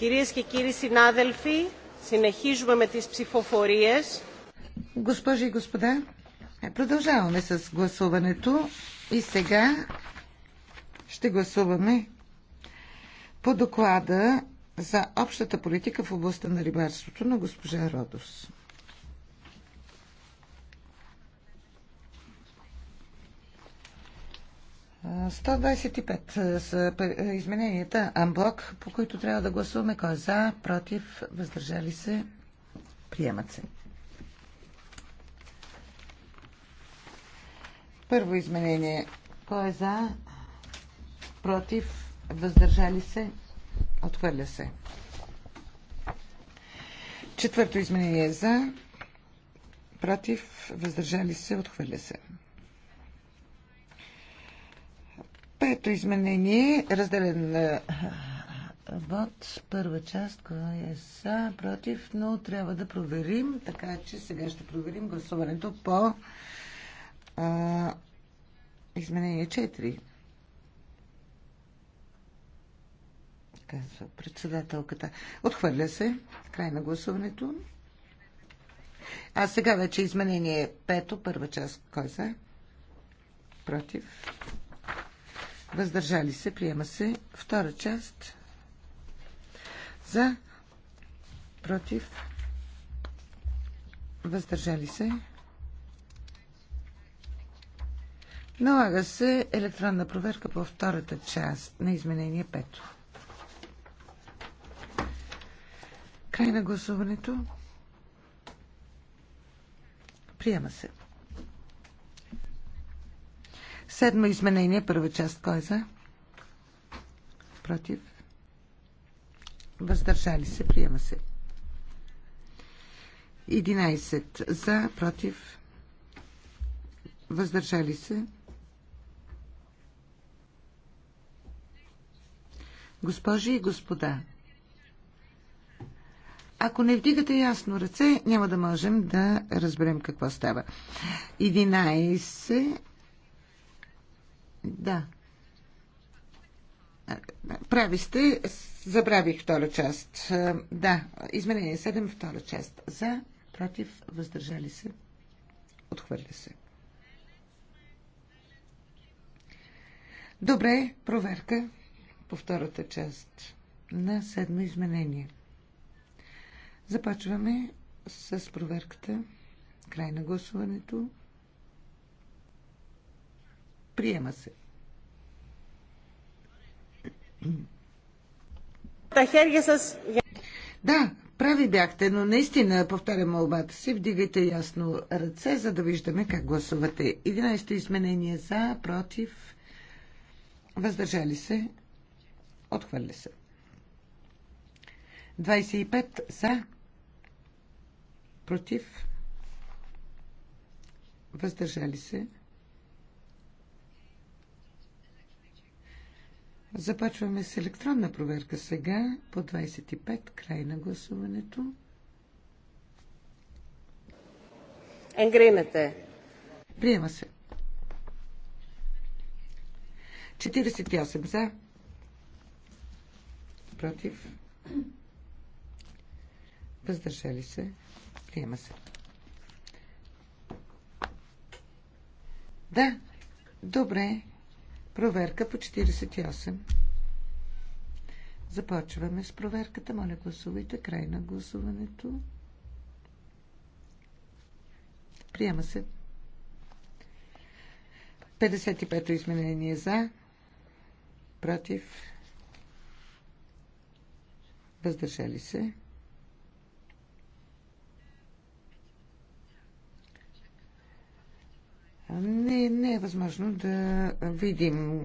Κυρίες και κύριοι συνάδελφοι, συνεχίζουμε με τις ψηφοφορίες. Госпожи и господа, продължаваме с гласуването и сега ще гласуваме по доклада за общата политика в областта на рибарството на госпожа Родос. 125 е, са е, измененията Амблок, по които трябва да гласуваме. Кой е за, против, въздържали се, приемат се. Първо изменение. Кой е за, против, въздържали се, отхвърля се. Четвърто изменение за, против, въздържали се, отхвърля се. Пето изменение, разделен е, вод, първа част, кой е за, против, но трябва да проверим, така че сега ще проверим гласуването по а, изменение 4. Казва председателката. Отхвърля се. Край на гласуването. А сега вече изменение 5, първа част. Кой е за? Против въздържали се, приема се. Втора част за, против, въздържали се. Налага се електронна проверка по втората част на изменение 5. Край на гласуването. Приема се. Седмо изменение, първа част. Кой е за? Против? Въздържали се, приема се. 11 за, против, въздържали се. Госпожи и господа, ако не вдигате ясно ръце, няма да можем да разберем какво става. 11 да. Прави сте. Забравих втора част. Да. Изменение 7, втора част. За, против, въздържали се. Отхвърля се. Добре, проверка по втората част на седмо изменение. Започваме с проверката. Край на гласуването. Приема се. Да, прави бяхте, но наистина, повтарям молбата си, вдигайте ясно ръце, за да виждаме как гласувате. 11-то изменение за, против, въздържали се, отхвърля се. 25 за, против, въздържали се, Започваме с електронна проверка сега по 25, край на гласуването. Енгрината. Приема се. 48 за. Против. Въздържали се. Приема се. Да. Добре. Проверка по 48. Започваме с проверката. Моля, гласувайте. Край на гласуването. Приема се. 55-то изменение за. Против. Въздържали се. Не, не е възможно да видим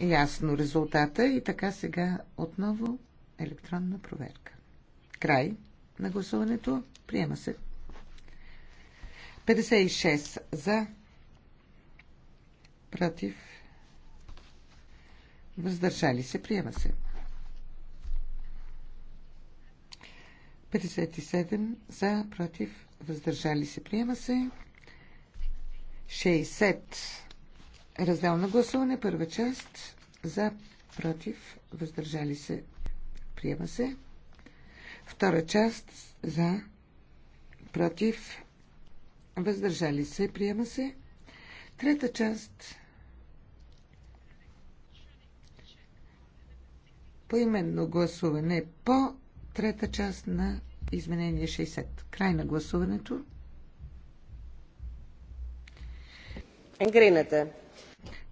ясно резултата и така сега отново електронна проверка. Край на гласуването. Приема се. 56 за, против, въздържали се. Приема се. 57 за, против, въздържали се. Приема се. 60. Раздел на гласуване, първа част. За, против, въздържали се, приема се. Втора част. За, против, въздържали се, приема се. Трета част. Поименно гласуване по трета част на изменение 60. Край на гласуването. Енгрината.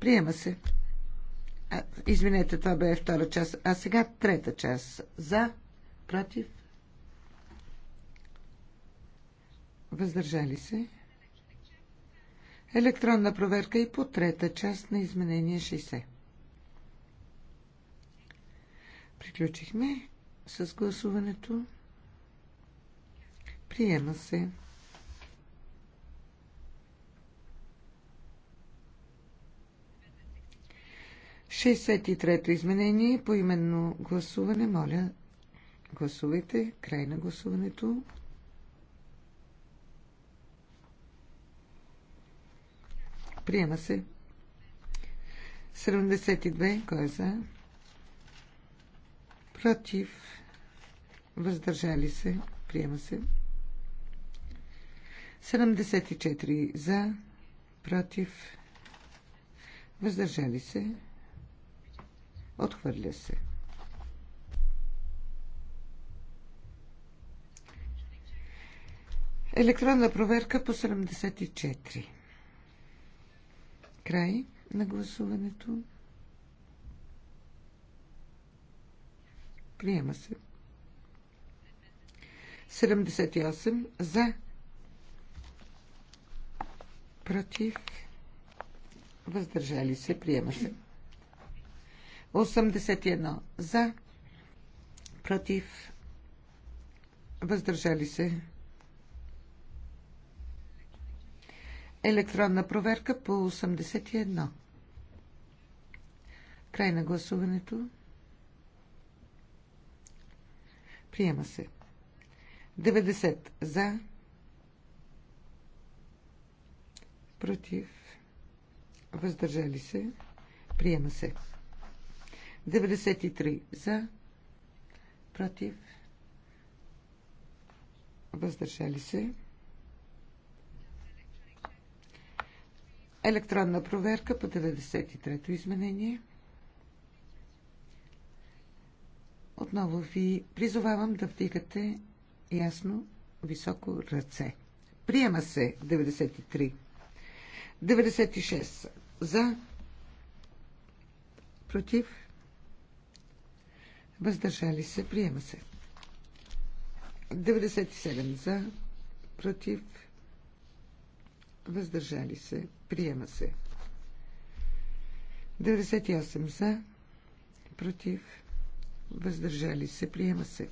Приема се. А, извинете, това бе втора част. А сега трета част. За, против, въздържали се. Електронна проверка и по трета част на изменение 60. Приключихме с гласуването. Приема се. 63-то изменение по именно гласуване. Моля, гласувайте. Край на гласуването. Приема се. 72. Кой е за? Против. Въздържали се. Приема се. 74 за. Против. Въздържали се. Отхвърля се. Електронна проверка по 74. Край на гласуването. Приема се. 78 за. Против. Въздържали се. Приема се. 81 за, против, въздържали се. Електронна проверка по 81. Край на гласуването. Приема се. 90 за. Против. Въздържали се. Приема се. 93 за, против, въздържали се. Електронна проверка по 93-то изменение. Отново ви призовавам да вдигате ясно високо ръце. Приема се 93. 96 за, против, въздържали се, приема се. 97 за, против, въздържали се, приема се. 98 за, против, въздържали се, приема се.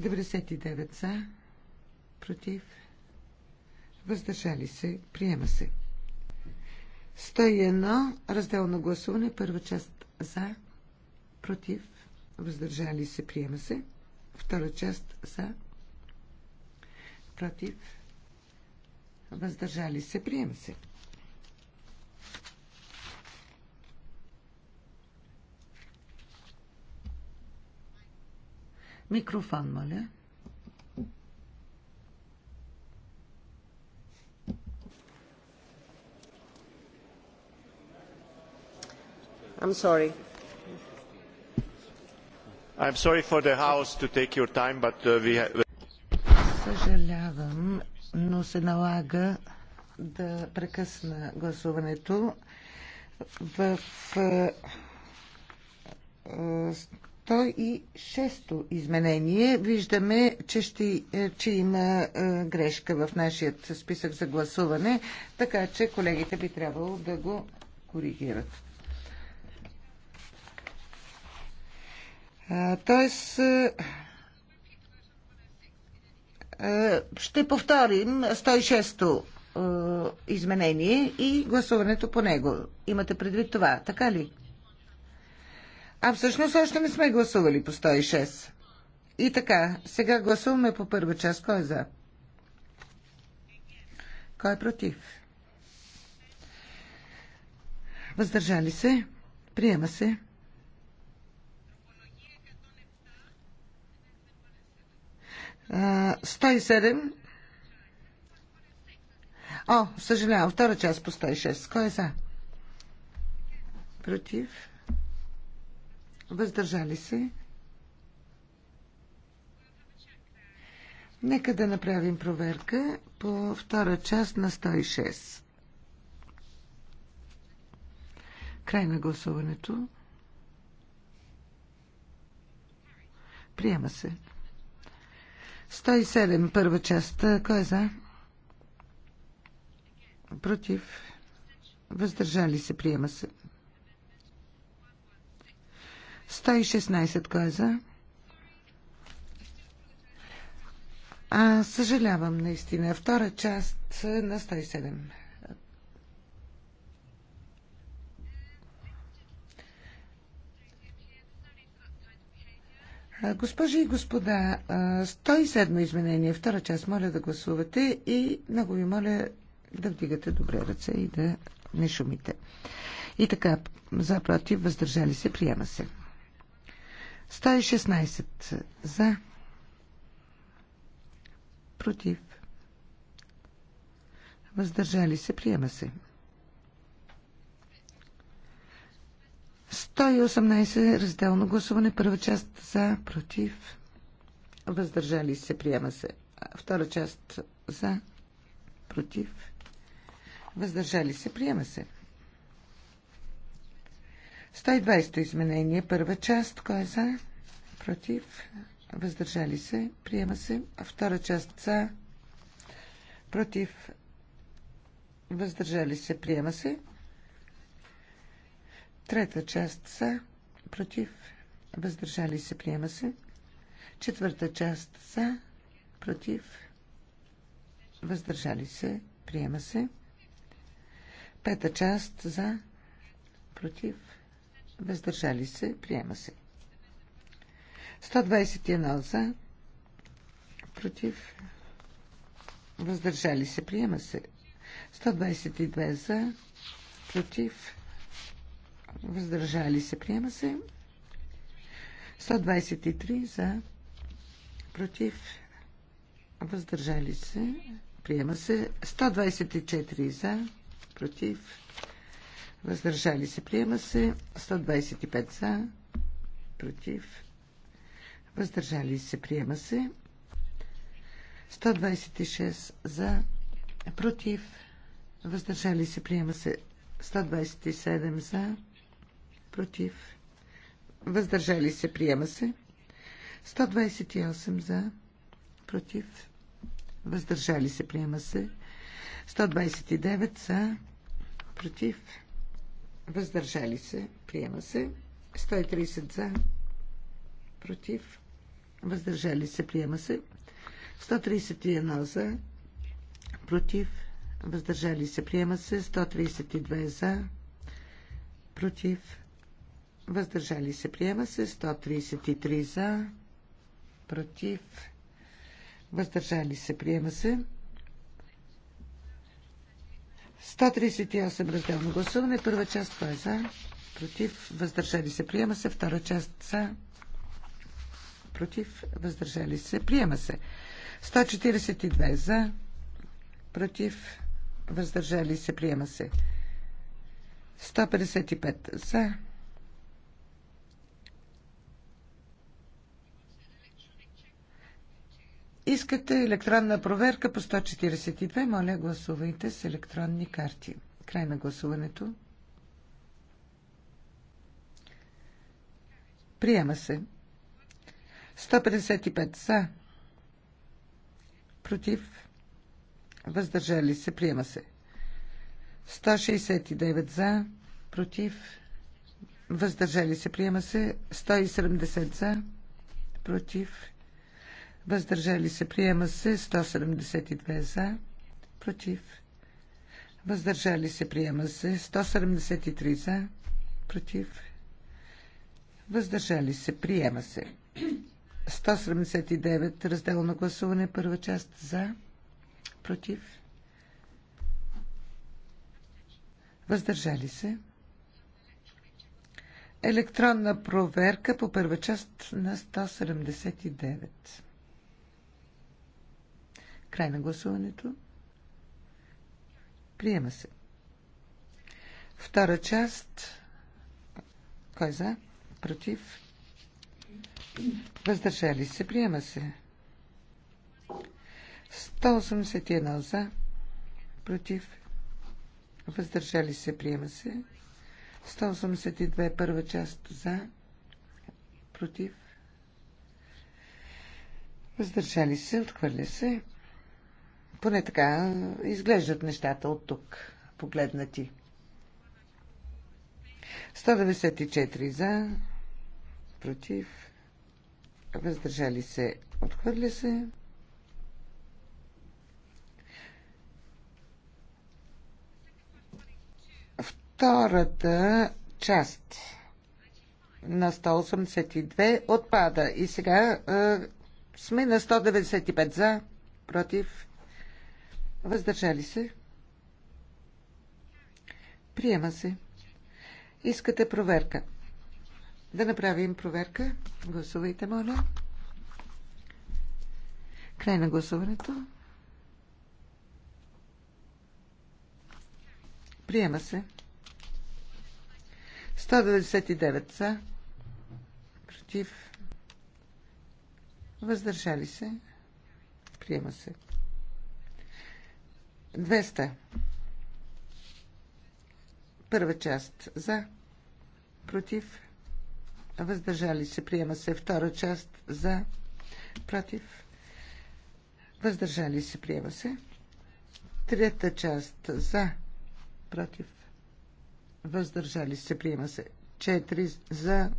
99 за, против, въздържали се, приема се. 101 раздел на гласуване, първа част за, против, въздържали се, приема се. Втора част за, против, въздържали се, приема се. Микрофон, моля. I'm sorry sorry for the house to take your time, but uh, we have... Съжалявам, но се налага да прекъсна гласуването. В 106-то изменение виждаме, че, ще, е, че има грешка в нашия списък за гласуване, така че колегите би трябвало да го коригират. Тоест, ще повторим 106-то изменение и гласуването по него. Имате предвид това, така ли? А всъщност още не сме гласували по 106. И така, сега гласуваме по първа част. Кой е за? Кой е против? Въздържали се? Приема се. 107. О, съжалявам, втора част по 106. Кой е за? Против. Въздържали се. Нека да направим проверка по втора част на 106. Край на гласуването. Приема се. 107, първа част. Е, кой е за? Против. Въздържали се, приема се. 116, кой е за? А, съжалявам, наистина. Втора част е на 107. Госпожи и господа, 107 изменение, втора част, моля да гласувате и много ви моля да вдигате добре ръце и да не шумите. И така, за, против, въздържали се, приема се. 116 за, против, въздържали се, приема се. 118 разделно гласуване. Първа част за, против. Въздържали се, приема се. Втора част за, против. Въздържали се, приема се. 120 изменение, първа част. Кой е за? Против. Въздържали се, приема се. Втора част за, против. Въздържали се, приема се. Трета част са, против, въздържали се, приема се. Четвърта част за, против, въздържали се, приема се. Пета част за, против, въздържали се, приема се. 121 за, против, въздържали се, приема се. 122 за, против, въздържали се, приема се. 123 за, против, въздържали се, приема се. 124 за, против, въздържали се, приема се. 125 за, против, въздържали се, приема се. 126 за, против, въздържали се, приема се. 127 за, против, въздържали се, приема се. 128 за, против, въздържали се, приема се. 129 за, против, въздържали се, приема се. 130 за, против, въздържали се, приема се. 131 за, против, въздържали се, приема се. 132 за, против, въздържали се, приема се 133 за, против, въздържали се, приема се 138 разделно гласуване. Първа част това е за, против, въздържали се, приема се. Втора част за, против, въздържали се, приема се. 142 за, против, въздържали се, приема се. 155 за, Искате електронна проверка по 142. Моля, гласувайте с електронни карти. Край на гласуването. Приема се. 155 са. Против. Въздържали се. Приема се. 169 за. Против. Въздържали се. Приема се. 170 за. Против въздържали се, приема се 172 за, против, въздържали се, приема се 173 за, против, въздържали се, приема се 179 разделно гласуване, първа част за, против, въздържали се. Електронна проверка по първа част на 179. Край на гласуването. Приема се. Втора част. Кой за? Против? Въздържали се. Приема се. 181 за. Против? Въздържали се. Приема се. 182 първа част за. Против? Въздържали се. Отхвърля се. Поне така изглеждат нещата от тук, погледнати. 194 за, против, въздържали се, отхвърля се. Втората част на 182 отпада и сега е, сме на 195 за, против, Въздържали се? Приема се. Искате проверка. Да направим проверка. Гласувайте, моля. Край на гласуването. Приема се. 199 са. Против. Въздържали се. Приема се. 200. Първа част за, против, въздържали се, приема се. Втора част за, против, въздържали се, приема се. Трета част за, против, въздържали се, приема се. Четири за,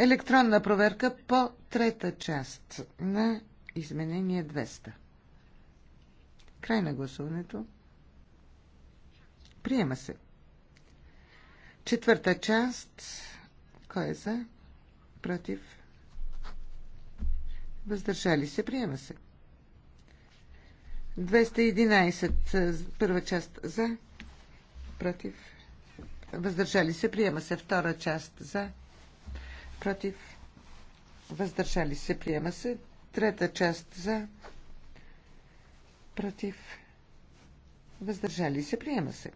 Електронна проверка по трета част на изменение 200. Край на гласуването. Приема се. Четвърта част. Кой е за? Против? Въздържали се. Приема се. 211. Първа част за. Против? Въздържали се. Приема се. Втора част за против, въздържали се, приема се. Трета част за, против, въздържали се, приема се.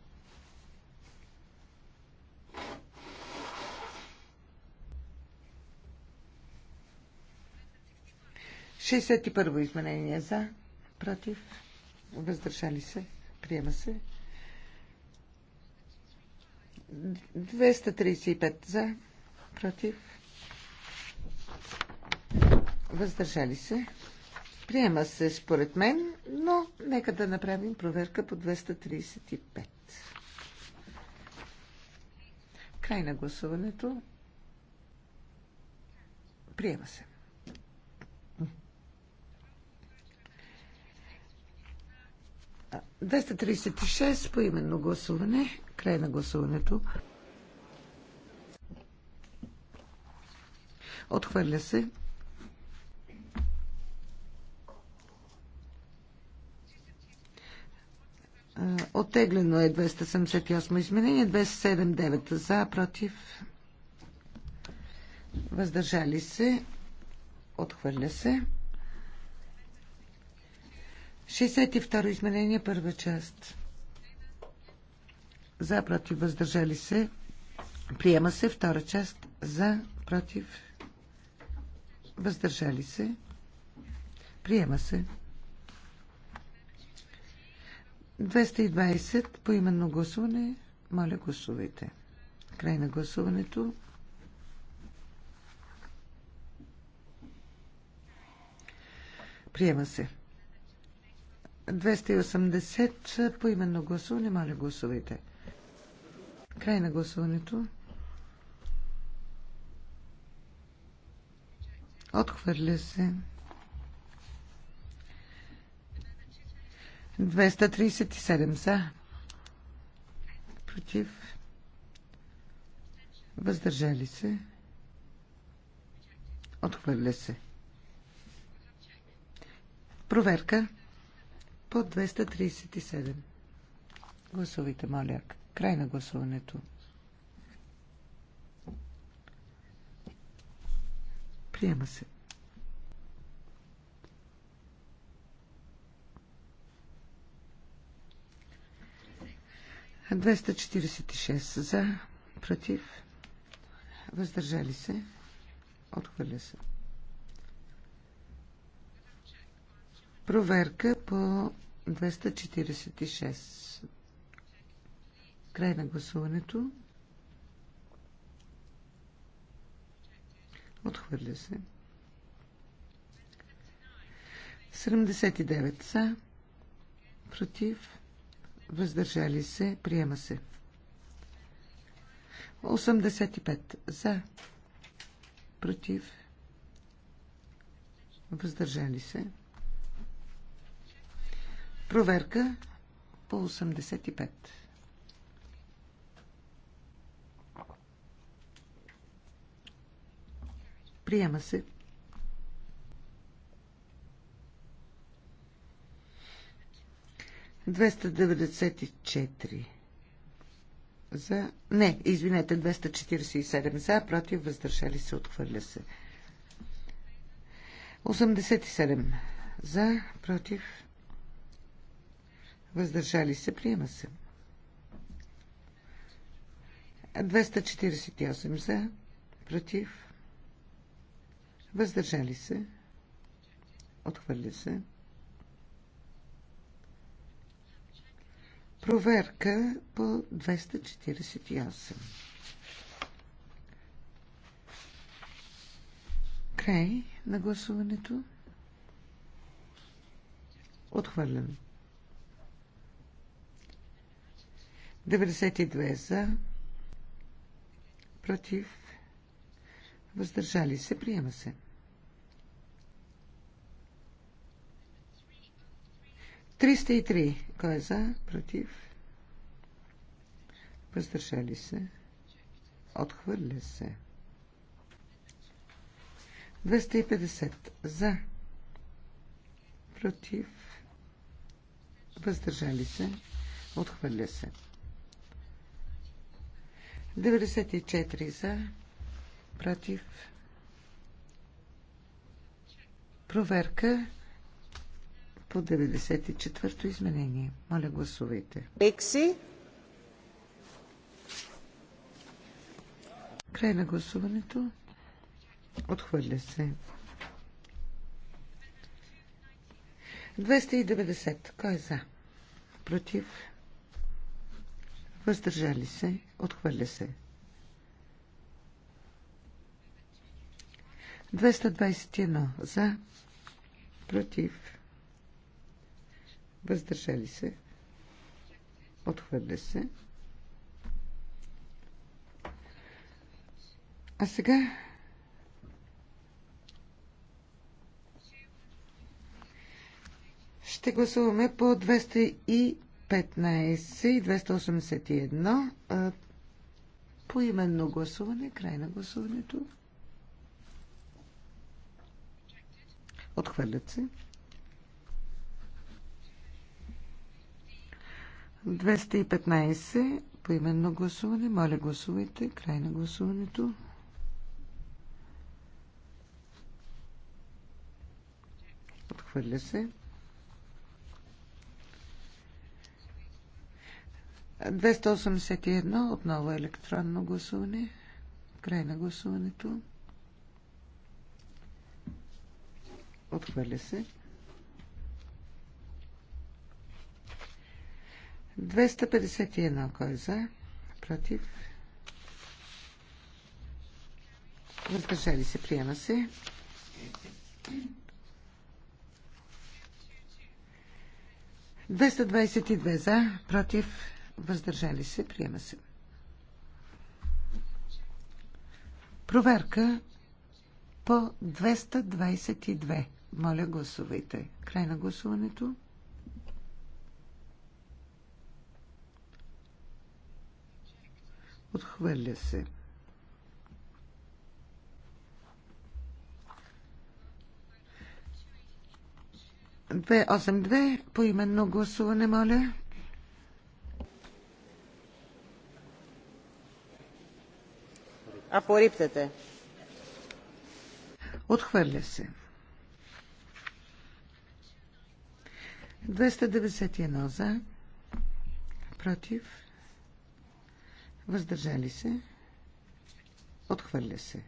Шестдесет и първо изменение за, против, въздържали се, приема се. 235 за, против, въздържали се. Приема се според мен, но нека да направим проверка по 235. Край на гласуването. Приема се. А, 236 по именно гласуване. Край на гласуването. Отхвърля се. Оттеглено е 278 изменение, 279 за, против, въздържали се, отхвърля се. 62 изменение, първа част. За, против, въздържали се. Приема се втора част. За, против, въздържали се. Приема се. 220 по именно гласуване. Моля, гласувайте. Край на гласуването. Приема се. 280 по именно гласуване. Моля, гласувайте. Край на гласуването. Отхвърля се. 237 за. Против. Въздържали се. Отхвърля се. Проверка по 237. Гласувайте, моля. Край на гласуването. Приема се. 246 за, против, въздържали се, отхвърля се. Проверка по 246. Край на гласуването. Отхвърля се. 79 са. Против въздържали се, приема се. 85 за, против, въздържали се. Проверка по 85. Приема се. 294 за... Не, извинете, 247 за, против, въздържали се, отхвърля се. 87 за, против, въздържали се, приема се. 248 за, против, въздържали се, отхвърля се. Проверка по 248. Край на гласуването. Отхвърлен. 92 за. Против. Въздържали се. Приема се. 303. Кой е за? Против? Въздържали се. Отхвърля се. 250. За. Против. Въздържали се. Отхвърля се. 94 за. Против. Проверка по 94-то изменение. Моля, гласувайте. Екси. Край на гласуването. Отхвърля се. 290. Кой е за? Против? Въздържали се? Отхвърля се. 221. За? Против? въздържали се, отхвърля се. А сега ще гласуваме по 215 и 281 по именно гласуване, край на гласуването. Отхвърлят се. 215 по именно гласуване. Моля, гласувайте. Край на гласуването. Отхвърля се. 281 отново електронно гласуване. Край на гласуването. Отхвърля се. 251. Кой е за? Против? Въздържали се. Приема се. 222 за, против, въздържали се, приема се. Проверка по 222. Моля, гласувайте. Край на гласуването. Отхвърля се. Две осем две по именно гласуване, моля. А Апориптете. Отхвърля се. 291 за. Против. Въздържали се. Отхвърля се.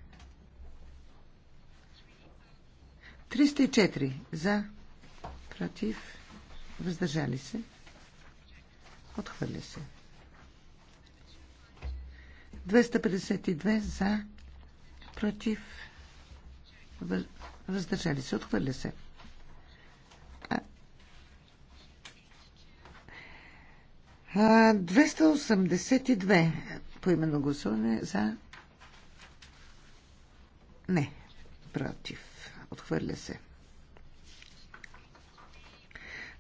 304 за, против, въздържали се. Отхвърля се. 252 за, против, въздържали се. Отхвърля се. 282 по именно гласуване за. Не. Против. Отхвърля се.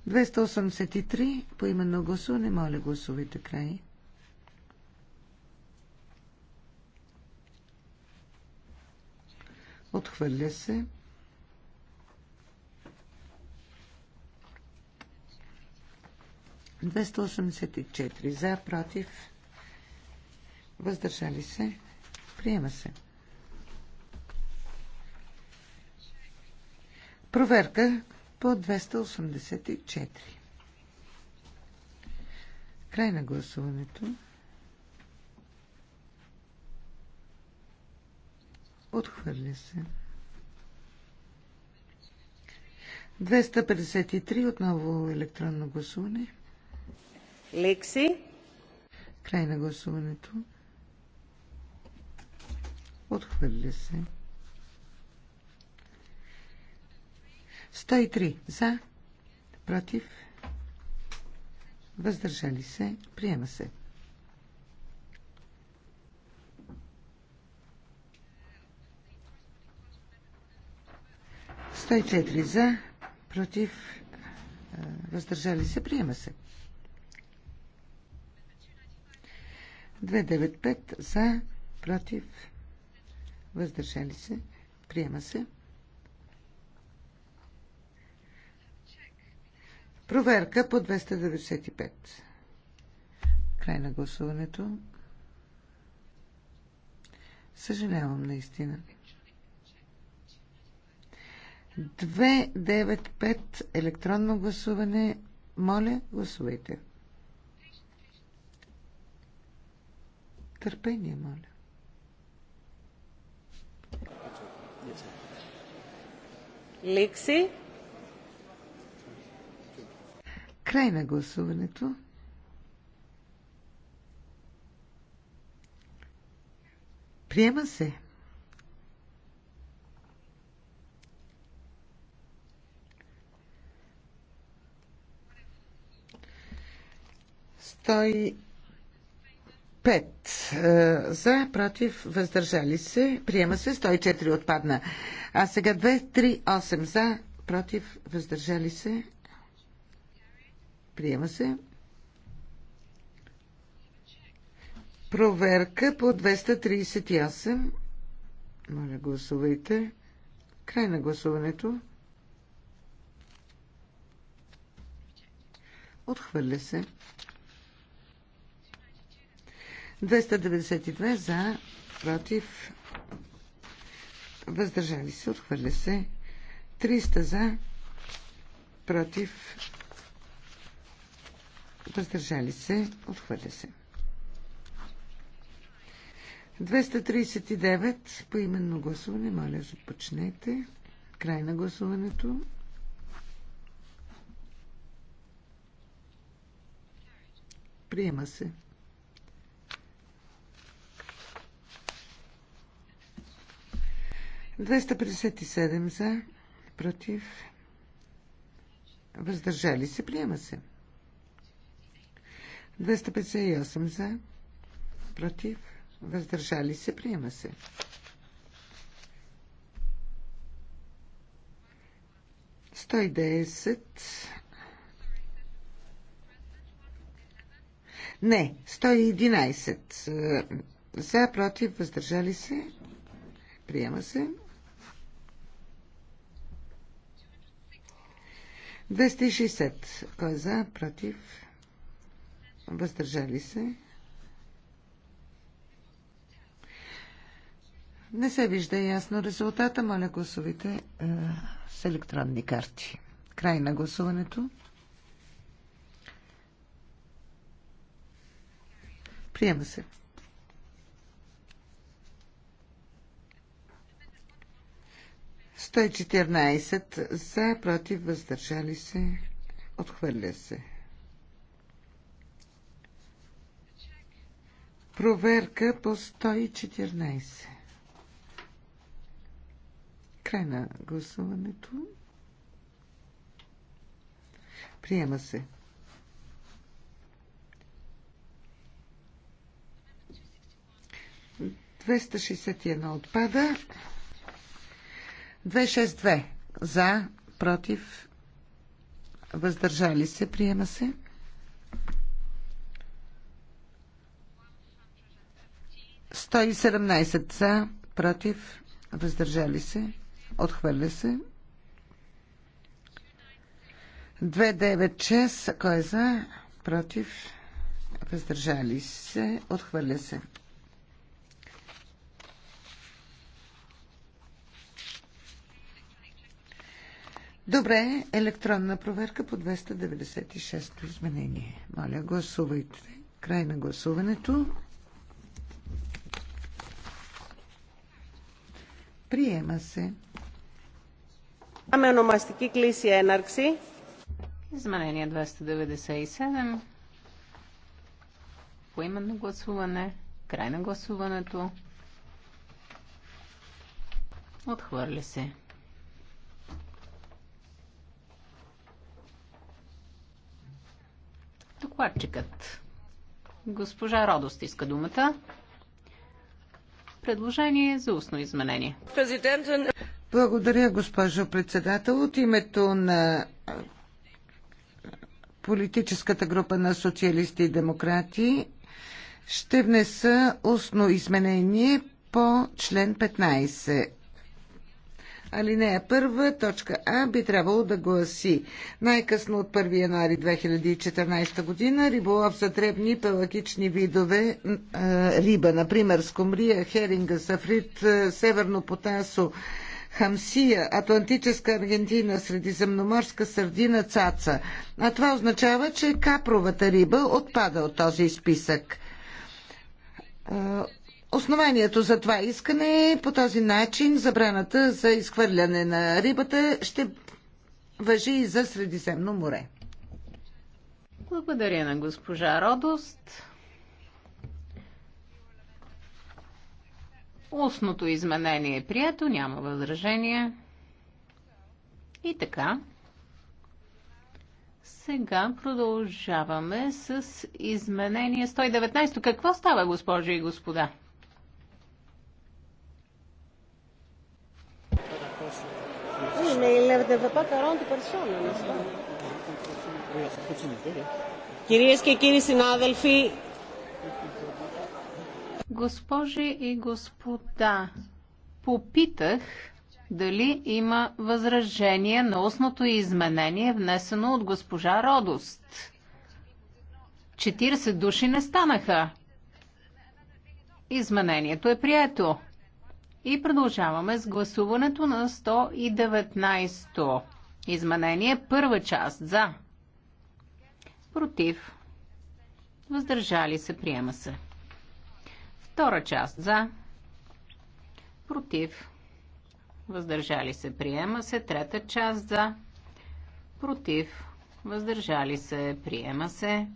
283 по именно гласуване. Моля, гласувайте край. Отхвърля се. 284 за, против, въздържали се, приема се. Проверка по 284. Край на гласуването. Отхвърля се. 253 отново електронно гласуване. Лекси. Край на гласуването. Отхвърля се. 103 за, против, въздържали се, приема се. Стой четири за, против, въздържали се, приема се. 295 за, против, въздържали се, приема се. Проверка по 295. Край на гласуването. Съжалявам наистина. 295 електронно гласуване. Моля, гласувайте. Търпение, моля. Λήξη. Край на гласуването. Приема се. Стой 5 е, за, против, въздържали се. Приема се 104 отпадна. А сега 2, 3, 8 за, против, въздържали се. Приема се. Проверка по 238. Моля, гласувайте. Край на гласуването. Отхвърля се. 292 за, против, въздържали се, отхвърля се. 300 за, против, въздържали се, отхвърля се. 239 по именно гласуване. Моля, започнете. Край на гласуването. Приема се. 257 за, против, въздържали се, приема се. 258 за, против, въздържали се, приема се. 110. Не, 111. За, против, въздържали се. Приема се. 260. Кой е за? Против? Въздържали се? Не се вижда ясно резултата. Моля гласовите е, с електронни карти. Край на гласуването. Приема се. 114 за, против, въздържали се, отхвърля се. Проверка по 114. Край на гласуването. Приема се. Двеста отпада. 262 за, против, въздържали се, приема се. 117 за, против, въздържали се, отхвърля се. шест, кой е за, против, въздържали се, отхвърля се. Добре, електронна проверка по 296-то изменение. Моля, гласувайте. Край на гласуването. Приема се. Аме ономастики клиси енаркси. Изменение 297. Поименно гласуване. Край на гласуването. Отхвърли се. докладчикът. Госпожа Родост иска думата. Предложение за устно изменение. Благодаря, госпожо председател. От името на политическата група на социалисти и демократи ще внеса устно изменение по член 15. Алинея първа, точка А би трябвало да гласи най-късно от 1 януари 2014 година риболов за дребни пелагични видове риба, например скумрия, херинга, сафрит, северно потасо, хамсия, атлантическа аргентина, средиземноморска сърдина, цаца. А това означава, че капровата риба отпада от този списък. Основанието за това искане е по този начин забраната за изхвърляне на рибата ще въжи и за Средиземно море. Благодаря на госпожа Родост. Устното изменение е прието, няма възражение. И така. Сега продължаваме с изменение 119. Какво става, госпожи и господа? il ne devait pas 40 personnes, nest Κυρίες και κύριοι συνάδελφοι, Госпожи и господа, попитах дали има възражение на устното изменение, внесено от госпожа Родост. 40 души не станаха. Изменението е прието. И продължаваме с гласуването на 119-то изменение. Първа част за. Против. Въздържали се. Приема се. Втора част за. Против. Въздържали се. Приема се. Трета част за. Против. Въздържали се. Приема се.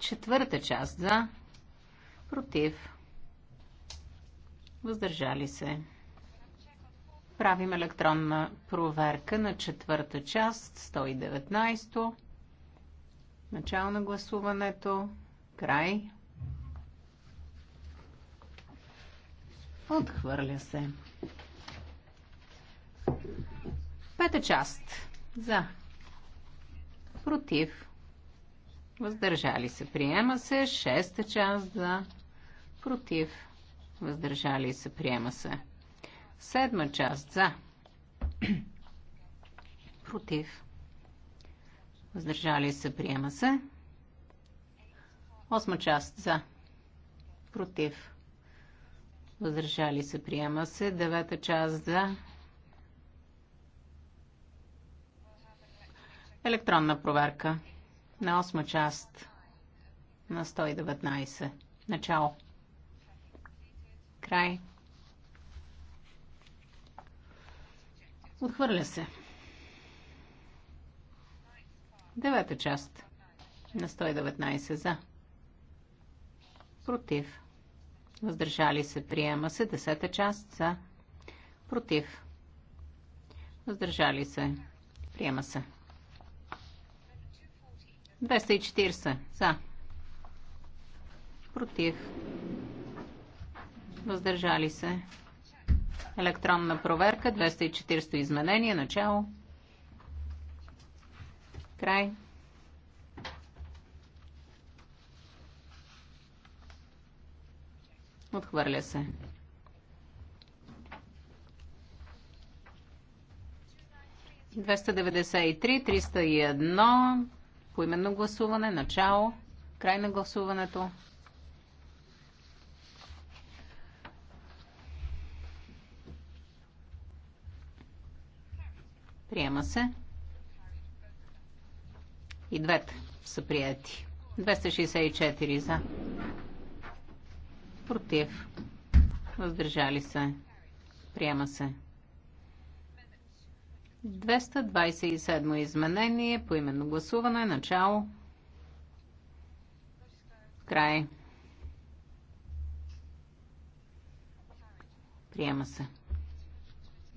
Четвърта част за. Против Въздържали се. Правим електронна проверка на четвърта част, 119. то Начало на гласуването. Край. Отхвърля се. Пета част. За. Против. Въздържали се. Приема се. Шеста част за. Против въздържали се, приема се. Седма част за, против, въздържали се, приема се. Осма част за, против, въздържали се, приема се. Девета част за, електронна проверка на осма част на 119. Начало. Край. Отхвърля се. Девета част на 119 за. Против. Въздържали се. Приема се. Десета част за. Против. Въздържали се. Приема се. 240 за. Против въздържали се. Електронна проверка, 240 изменения. начало. Край. Отхвърля се. 293, 301, поименно гласуване, начало, край на гласуването. Приема се. И двете са прияти. 264 за. Против. Въздържали се. Приема се. 227 изменение по именно гласуване. Начало. Край. Приема се.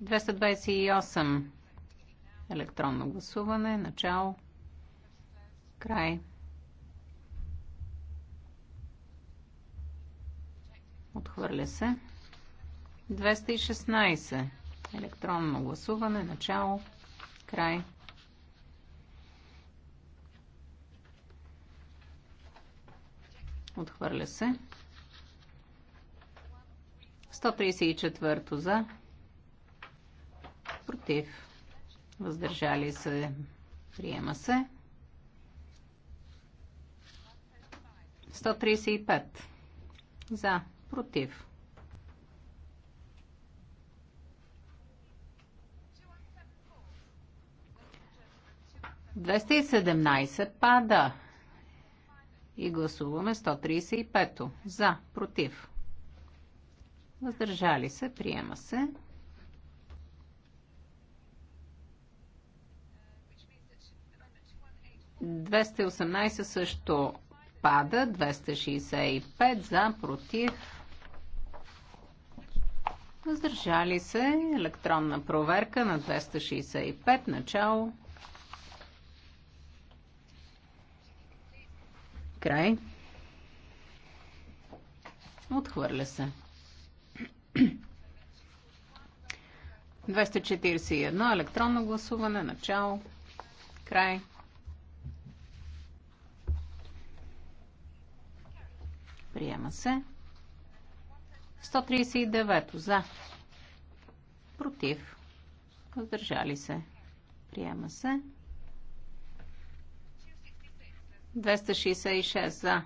228 Електронно гласуване. Начало. Край. Отхвърля се. 216. Електронно гласуване. Начало. Край. Отхвърля се. 134 за. Против въздържали се, приема се. 135 за, против. Двеста и седемнайсет пада. И гласуваме 135-то. За, против. Въздържали се, приема се. 218 също пада. 265 за, против. Въздържали се. Електронна проверка на 265. Начало. Край. Отхвърля се. 241. Електронно гласуване. Начало. Край. Приема се. 139 за. Против. Въздържали се. Приема се. 266 за.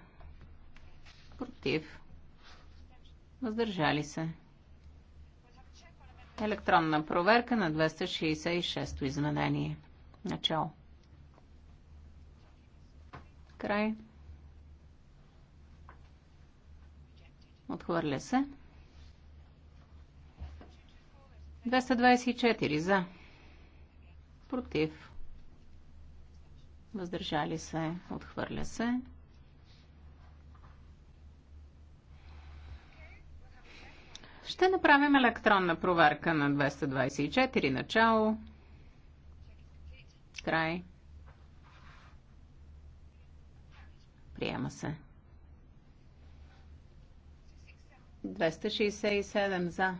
Против. Въздържали се. Електронна проверка на 266-то изменение. Начало. Край. Отхвърля се. 224 за. Против. Въздържали се. Отхвърля се. Ще направим електронна проверка на 224. Начало. Край. Приема се. 267 за.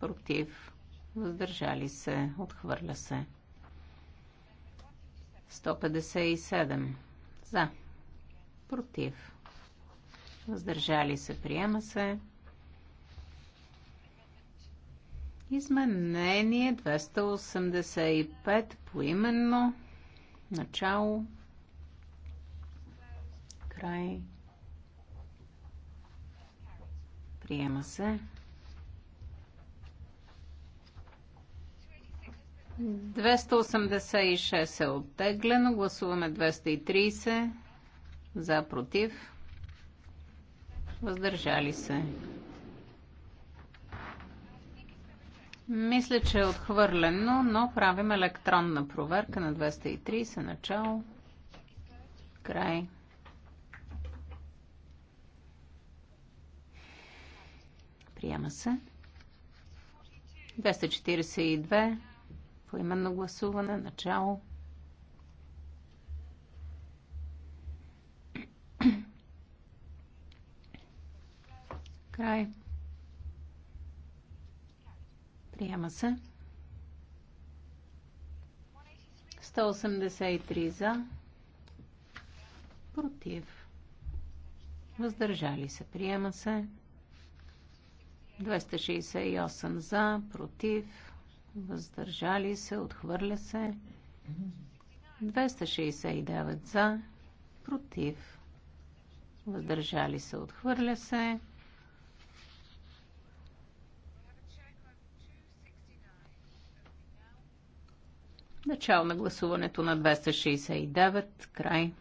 Против. Въздържали се. Отхвърля се. 157 за. Против. Въздържали се. Приема се. Изменение 285 поименно. Начало. Край. Приема се. 286 е оттеглено. Гласуваме 230. За, против. Въздържали се. Мисля, че е отхвърлено, но правим електронна проверка на 230. Начало. Край. Приема се. 242. Поименно гласуване. Начало. Край. Приема се. 183 за. Против. Въздържали се. Приема се. 268 за, против, въздържали се, отхвърля се. 269 за, против, въздържали се, отхвърля се. Начало на гласуването на 269. Край.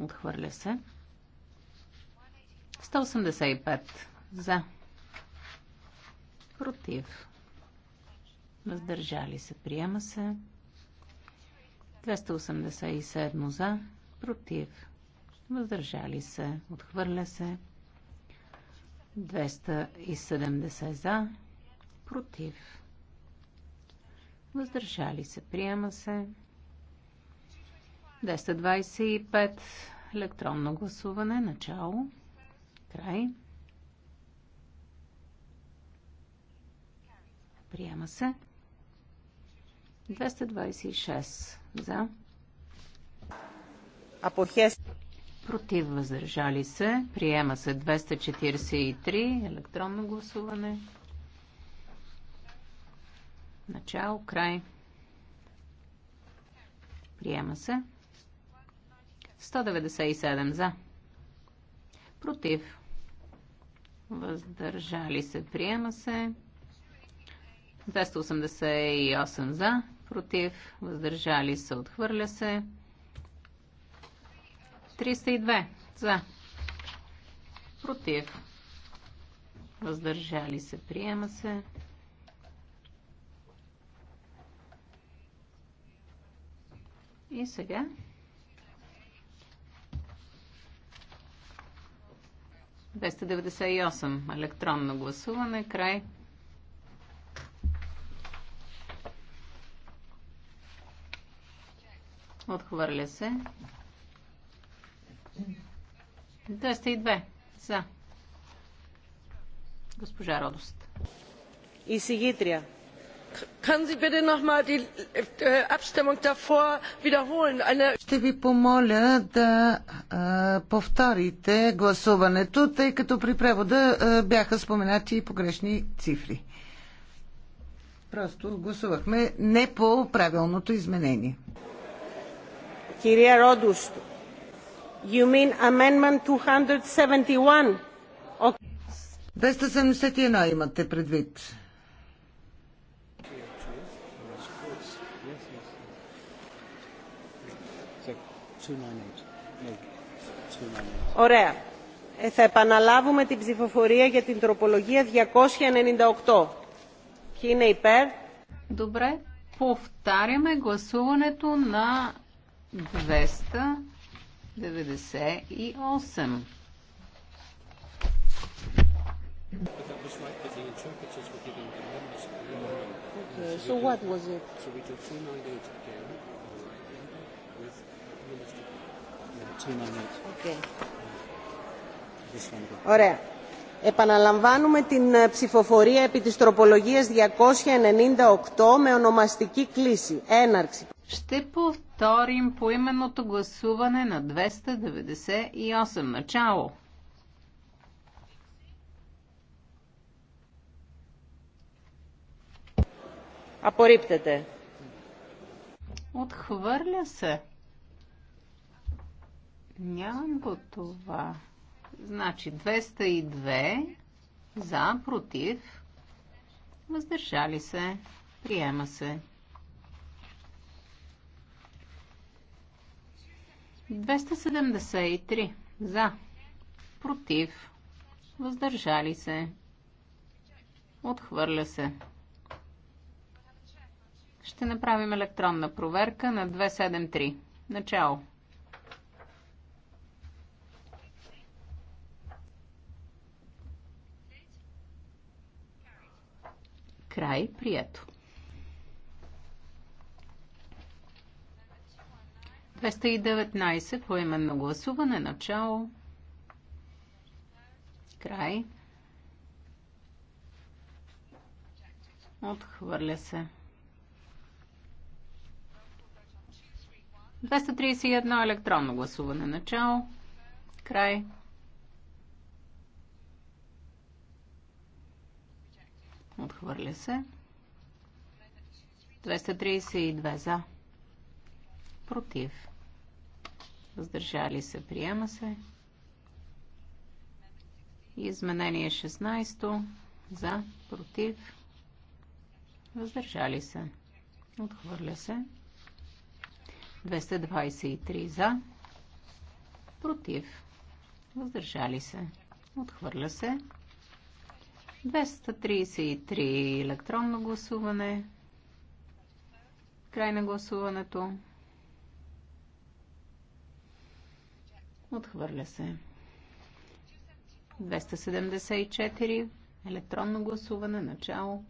Отхвърля се. 185 за. Против. Въздържали се. Приема се. 287 за. Против. Въздържали се. Отхвърля се. 270 за. Против. Въздържали се. Приема се. 225 електронно гласуване. Начало. Край. Приема се. 226 за. Апохес. Против въздържали се. Приема се 243. Електронно гласуване. Начало, край. Приема се. 197 за. Против въздържали се, приема се. 288 за, против, въздържали се, отхвърля се. 302 за, против, въздържали се, приема се. И сега 298. Електронно гласуване. Край. Отхвърля се. 202. За. Госпожа Родост. И Сигитрия. Ще ви помоля да повторите гласуването, тъй като при превода бяха споменати и погрешни цифри. Просто гласувахме не по правилното изменение. Кирия Родуст, you mean amendment 271? 271 имате предвид. Ωραία. Ε, θα επαναλάβουμε την ψηφοφορία για την τροπολογία 298. Ποιοι είναι υπέρ? Добре. Повтаряме гласуването на 298. So what was it? So we did 398 again. Ωραία. Επαναλαμβάνουμε την ψηφοφορία επί της τροπολογίας 298 με ονομαστική κλίση. Έναρξη. Ще повторим поименното гласуване на 298 начало. Απορρίπτεται. Отхвърля се. Нямам го това. Значи 202 за, против, въздържали се, приема се. 273 за, против, въздържали се, отхвърля се. Ще направим електронна проверка на 273. Начало. Край. Прието. 219. Поименно гласуване. Начало. Край. Отхвърля се. 231 електронно гласуване. Начало. Край. Отхвърля се. 232 за. Против. Въздържали се. Приема се. Изменение 16. За. Против. Въздържали се. Отхвърля се. 223 за. Против. Въздържали се. Отхвърля се. 233 електронно гласуване. Край на гласуването. Отхвърля се. 274 електронно гласуване. Начало.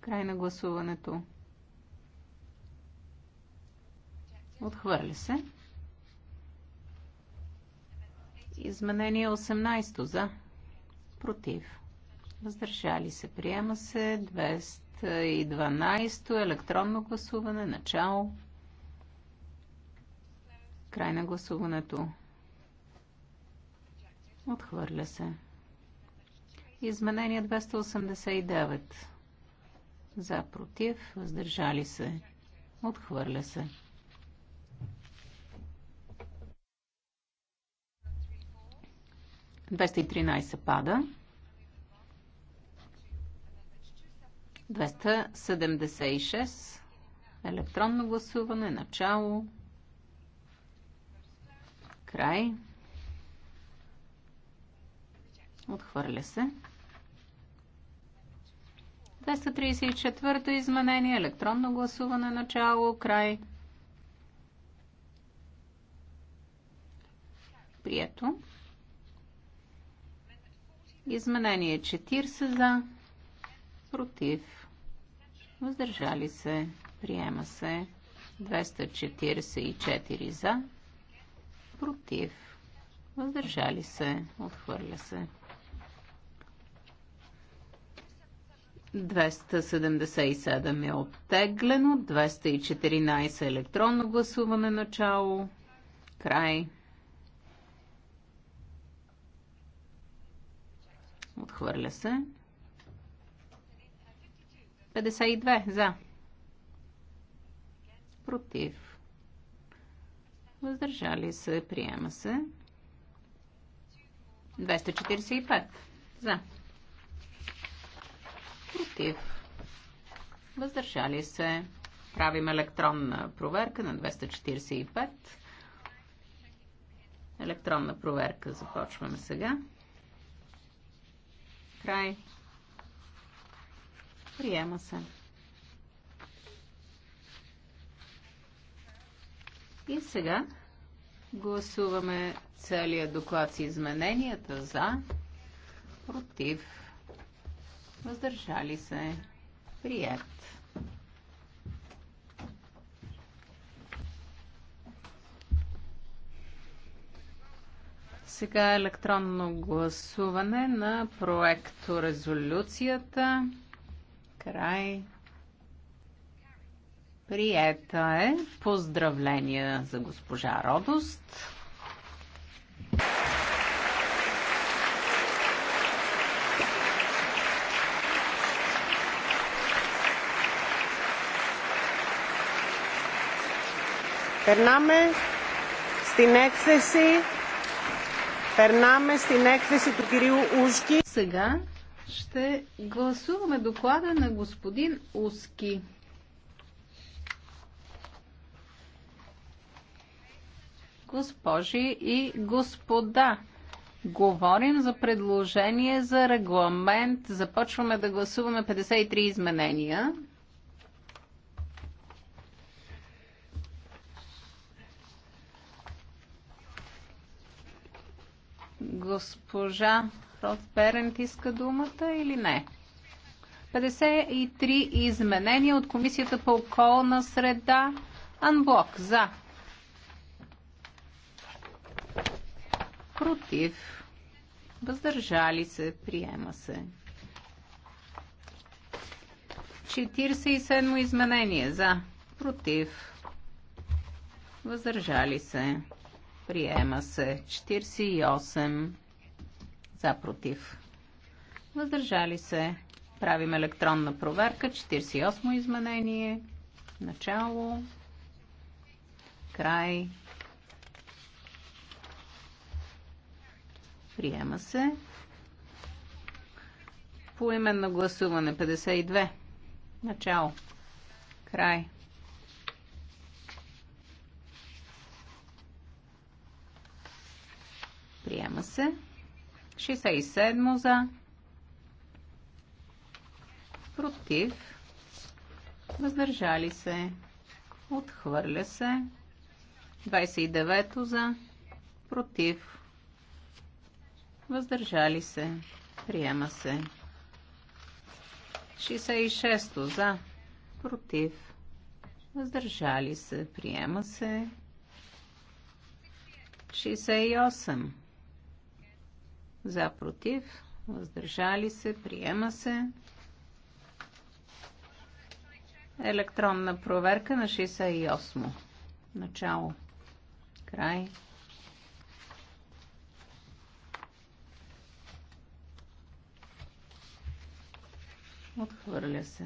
Край на гласуването. Отхвърля се. Изменение 18 за. Против въздържали се, приема се. 212 електронно гласуване, начало. Край на гласуването. Отхвърля се. Изменение 289. За, против, въздържали се. Отхвърля се. Двеста пада. 276. Електронно гласуване. Начало. Край. Отхвърля се. 234 изменение. Електронно гласуване. Начало. Край. Прието. Изменение 40 за. Против въздържали се, приема се 244 за, против, въздържали се, отхвърля се. 277 е оттеглено, 214 електронно гласуване начало, край. Отхвърля се. 52 за. Против. Въздържали се. Приема се. 245 за. Против. Въздържали се. Правим електронна проверка на 245. Електронна проверка започваме сега. Край. Приема се. И сега гласуваме целия доклад с измененията за, против, въздържали се, прият. Сега електронно гласуване на проекто резолюцията. Край. Приета е. Поздравления за госпожа Родост. Περνάμε στην έκθεση. Περνάμε στην έκθεση του κυρίου Ούσκη. Σιγά ще гласуваме доклада на господин Уски. Госпожи и господа, говорим за предложение за регламент. Започваме да гласуваме 53 изменения. Госпожа Рос иска думата или не? 53 изменения от Комисията по околна среда. Анблок за. Против. Въздържали се. Приема се. 47 изменение за. Против. Въздържали се. Приема се. 48. За против. Въздържали се. Правим електронна проверка. 48 изменение. Начало. Край. Приема се. Поименно гласуване 52. Начало. Край. Приема се. 67 за. Против. Въздържали се. Отхвърля се. 29 за. Против. Въздържали се. Приема се. 66 за. Против. Въздържали се. Приема се. 68 за против, въздържали се, приема се. Електронна проверка на 68. Начало. Край. Отхвърля се.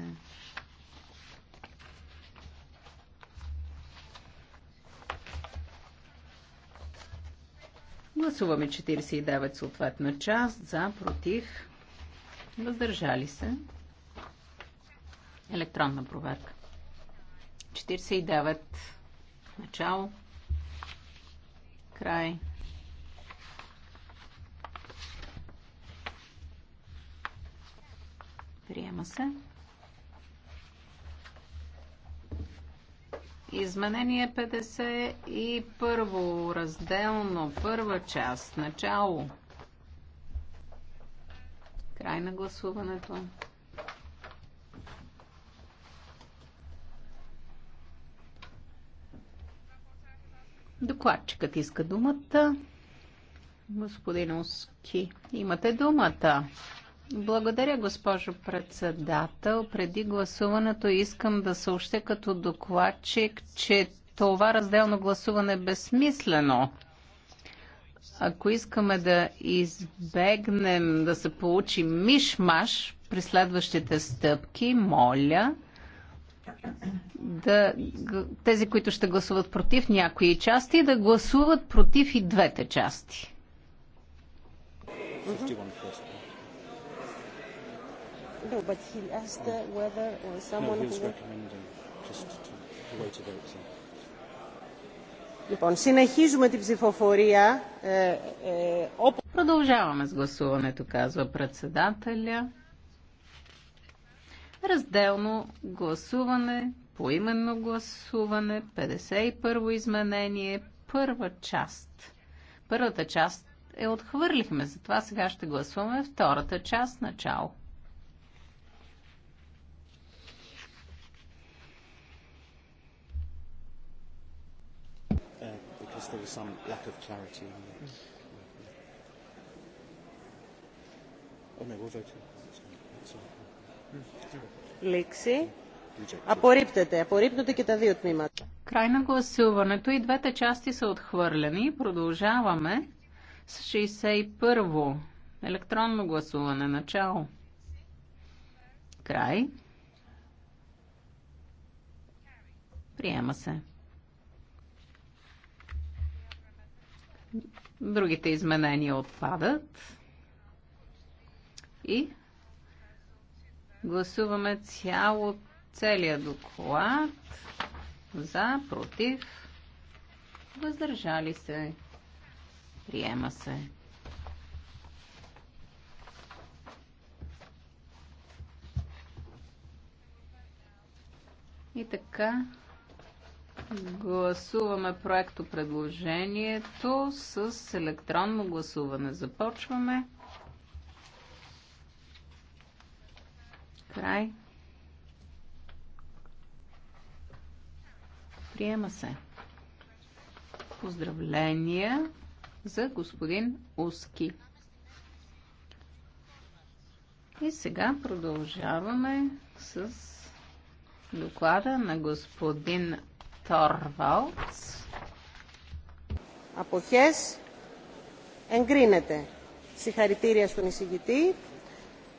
Гласуваме 49 съответна част за, против, въздържали се. Електронна проверка. 49 начало, край. Приема се. Изменение 50 и първо разделно, първа част, начало. Край на гласуването. Докладчикът иска думата. Господин Оски, имате думата. Благодаря, госпожо председател. Преди гласуването искам да съобщя като докладчик, че това разделно гласуване е безсмислено. Ако искаме да избегнем да се получи мишмаш при следващите стъпки, моля да, тези, които ще гласуват против някои части, да гласуват против и двете части. Mm-hmm. No, but he asked uh, whether or someone no, he was who... recommending just to wait a bit. So. Λοιπόν, συνεχίζουμε την ψηφοφορία. Ε, ε, όπου... Продължаваме с гласуването, казва председателя. Разделно гласуване, поименно гласуване, 51-во изменение, първа част. Първата част е отхвърлихме, затова сега ще гласуваме втората част, начало. there was some lack of clarity on that. Oh no, we'll Απορρίπτεται. Απορρίπτονται και τα δύο τμήματα. Край на гласуването и двете части са отхвърлени. Продължаваме с 61-во. Електронно гласуване. Начало. Край. Приема се. Другите изменения отпадат. И гласуваме цяло, целият доклад за, против, въздържали се, приема се. И така, Гласуваме проекто предложението с електронно гласуване. Започваме. Край. Приема се. Поздравления за господин Уски. И сега продължаваме с доклада на господин Torvalds. Αποχές. Εγκρίνεται. Συγχαρητήρια στον εισηγητή.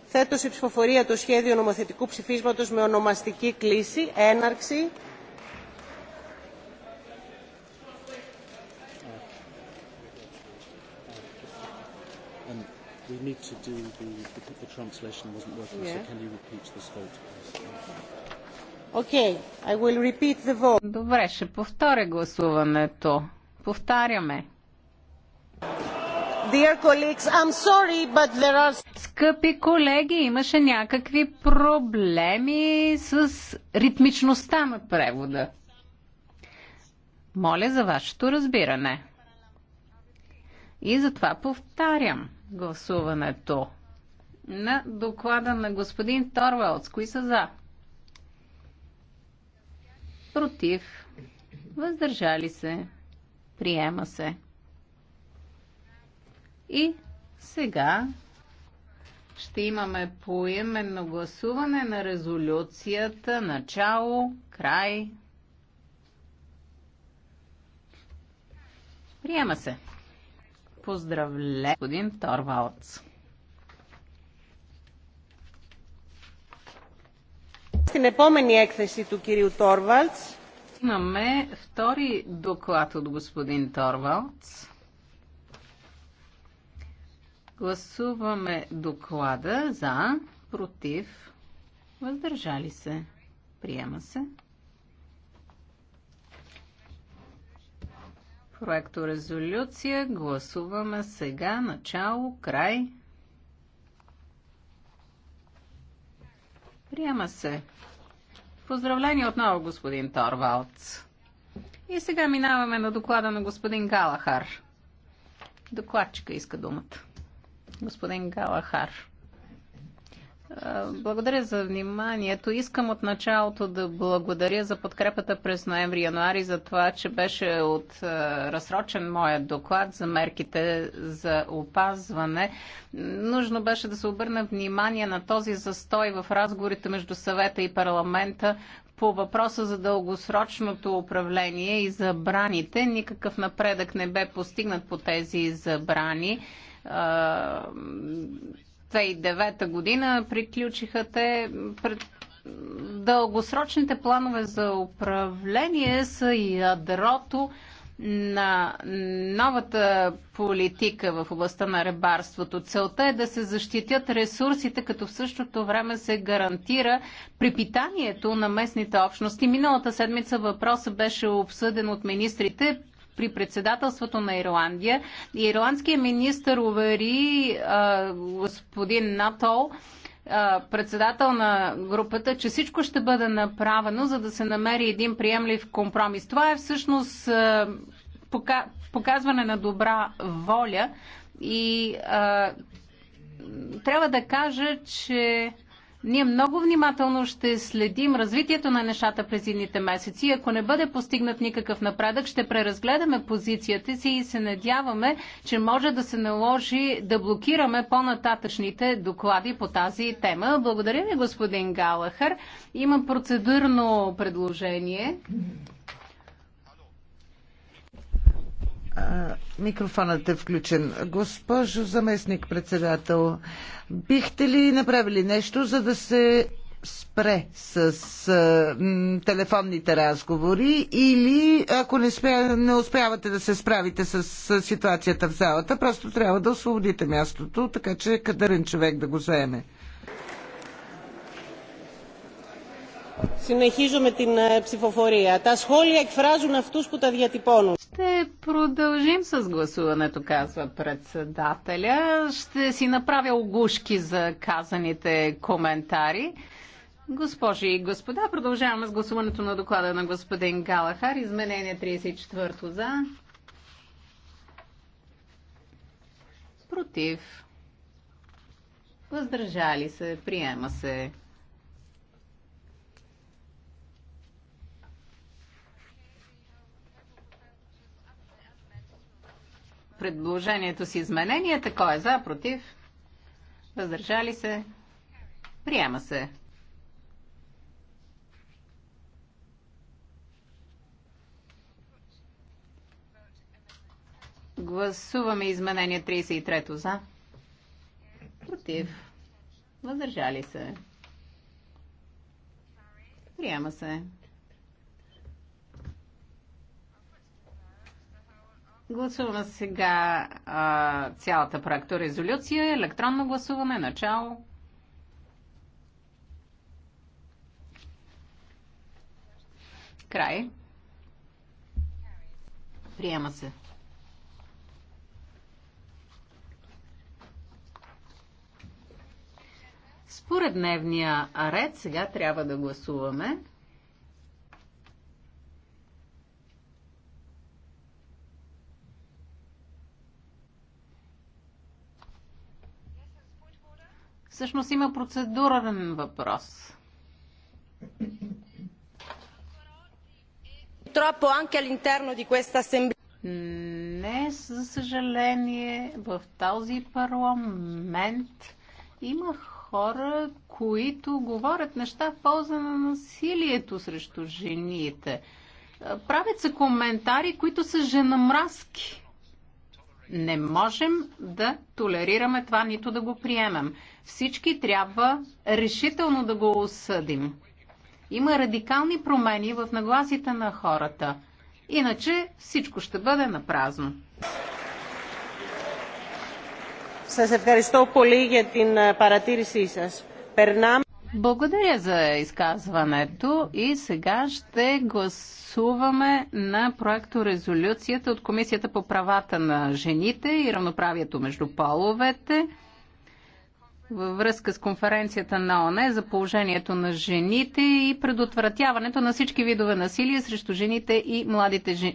Θέτω σε ψηφοφορία το σχέδιο νομοθετικού ψηφίσματος με ονομαστική κλίση. Έναρξη. We need to do the, the, the translation wasn't working, yeah. so can you repeat this vote, please? Добре, ще повторя гласуването. Повтаряме. Скъпи колеги, имаше някакви проблеми с ритмичността на превода. Моля за вашето разбиране. И затова повтарям гласуването на доклада на господин Торвелц. Кои са за? против, въздържали се, приема се. И сега ще имаме поименно гласуване на резолюцията начало, край. Приема се. Поздравле, господин Торвалц. στην Имаме втори доклад от господин Торвалдс. Гласуваме доклада за, против, въздържали се. Приема се. Проекто резолюция. Гласуваме сега начало, край. Приема се. Поздравление отново, господин Торвалц. И сега минаваме на доклада на господин Галахар. Докладчика иска думата. Господин Галахар. Благодаря за вниманието. Искам от началото да благодаря за подкрепата през ноември-януари за това, че беше от разрочен моят доклад за мерките за опазване. Нужно беше да се обърна внимание на този застой в разговорите между съвета и парламента по въпроса за дългосрочното управление и забраните. Никакъв напредък не бе постигнат по тези забрани 2009 година приключиха те пред дългосрочните планове за управление са ядрото на новата политика в областта на рибарството. Целта е да се защитят ресурсите, като в същото време се гарантира припитанието на местните общности. Миналата седмица въпросът беше обсъден от министрите при председателството на Ирландия. Ирландският министр увери а, господин Натол, председател на групата, че всичко ще бъде направено, за да се намери един приемлив компромис. Това е всъщност показване на добра воля и а, трябва да кажа, че ние много внимателно ще следим развитието на нещата през едните месеци. Ако не бъде постигнат никакъв напредък, ще преразгледаме позицията си и се надяваме, че може да се наложи да блокираме по-нататъчните доклади по тази тема. Благодаря ви, господин Галахър. Има процедурно предложение. Микрофонът е включен. Госпожо заместник председател, бихте ли направили нещо, за да се спре с а, м, телефонните разговори или ако не, спя, не успявате да се справите с, с ситуацията в залата, просто трябва да освободите мястото, така че кадърен човек да го заеме. με την е, ψηφοφορία. Τα σχόλια εκφράζουν αυτούς που τα διατυπώνουν. Ще продължим с гласуването, казва председателя. Ще си направя огушки за казаните коментари. Госпожи и господа, продължаваме с гласуването на доклада на господин Галахар. Изменение 34 то за. Против. Въздържали се. Приема се. предложението с измененията. Кой е за, против? Въздържали се? Приема се. Гласуваме изменение 33-то за. Против. Въздържали се. Приема се. Гласуваме сега а, цялата проекторезолюция. Електронно гласуване. Начало. Край. Приема се. Според дневния ред сега трябва да гласуваме Всъщност има процедурен въпрос. Не, за съжаление, в този парламент има хора, които говорят неща в полза на насилието срещу жените. Правят се коментари, които са женамразки. Не можем да толерираме това, нито да го приемем. Всички трябва решително да го осъдим. Има радикални промени в нагласите на хората. Иначе всичко ще бъде на празно. Се ευχαριστώ πολύ για την παρατήρησή σας. Благодаря за изказването и сега ще гласуваме на проекто резолюцията от Комисията по правата на жените и равноправието между половете във връзка с конференцията на ОНЕ за положението на жените и предотвратяването на всички видове насилие срещу жените и младите, жен...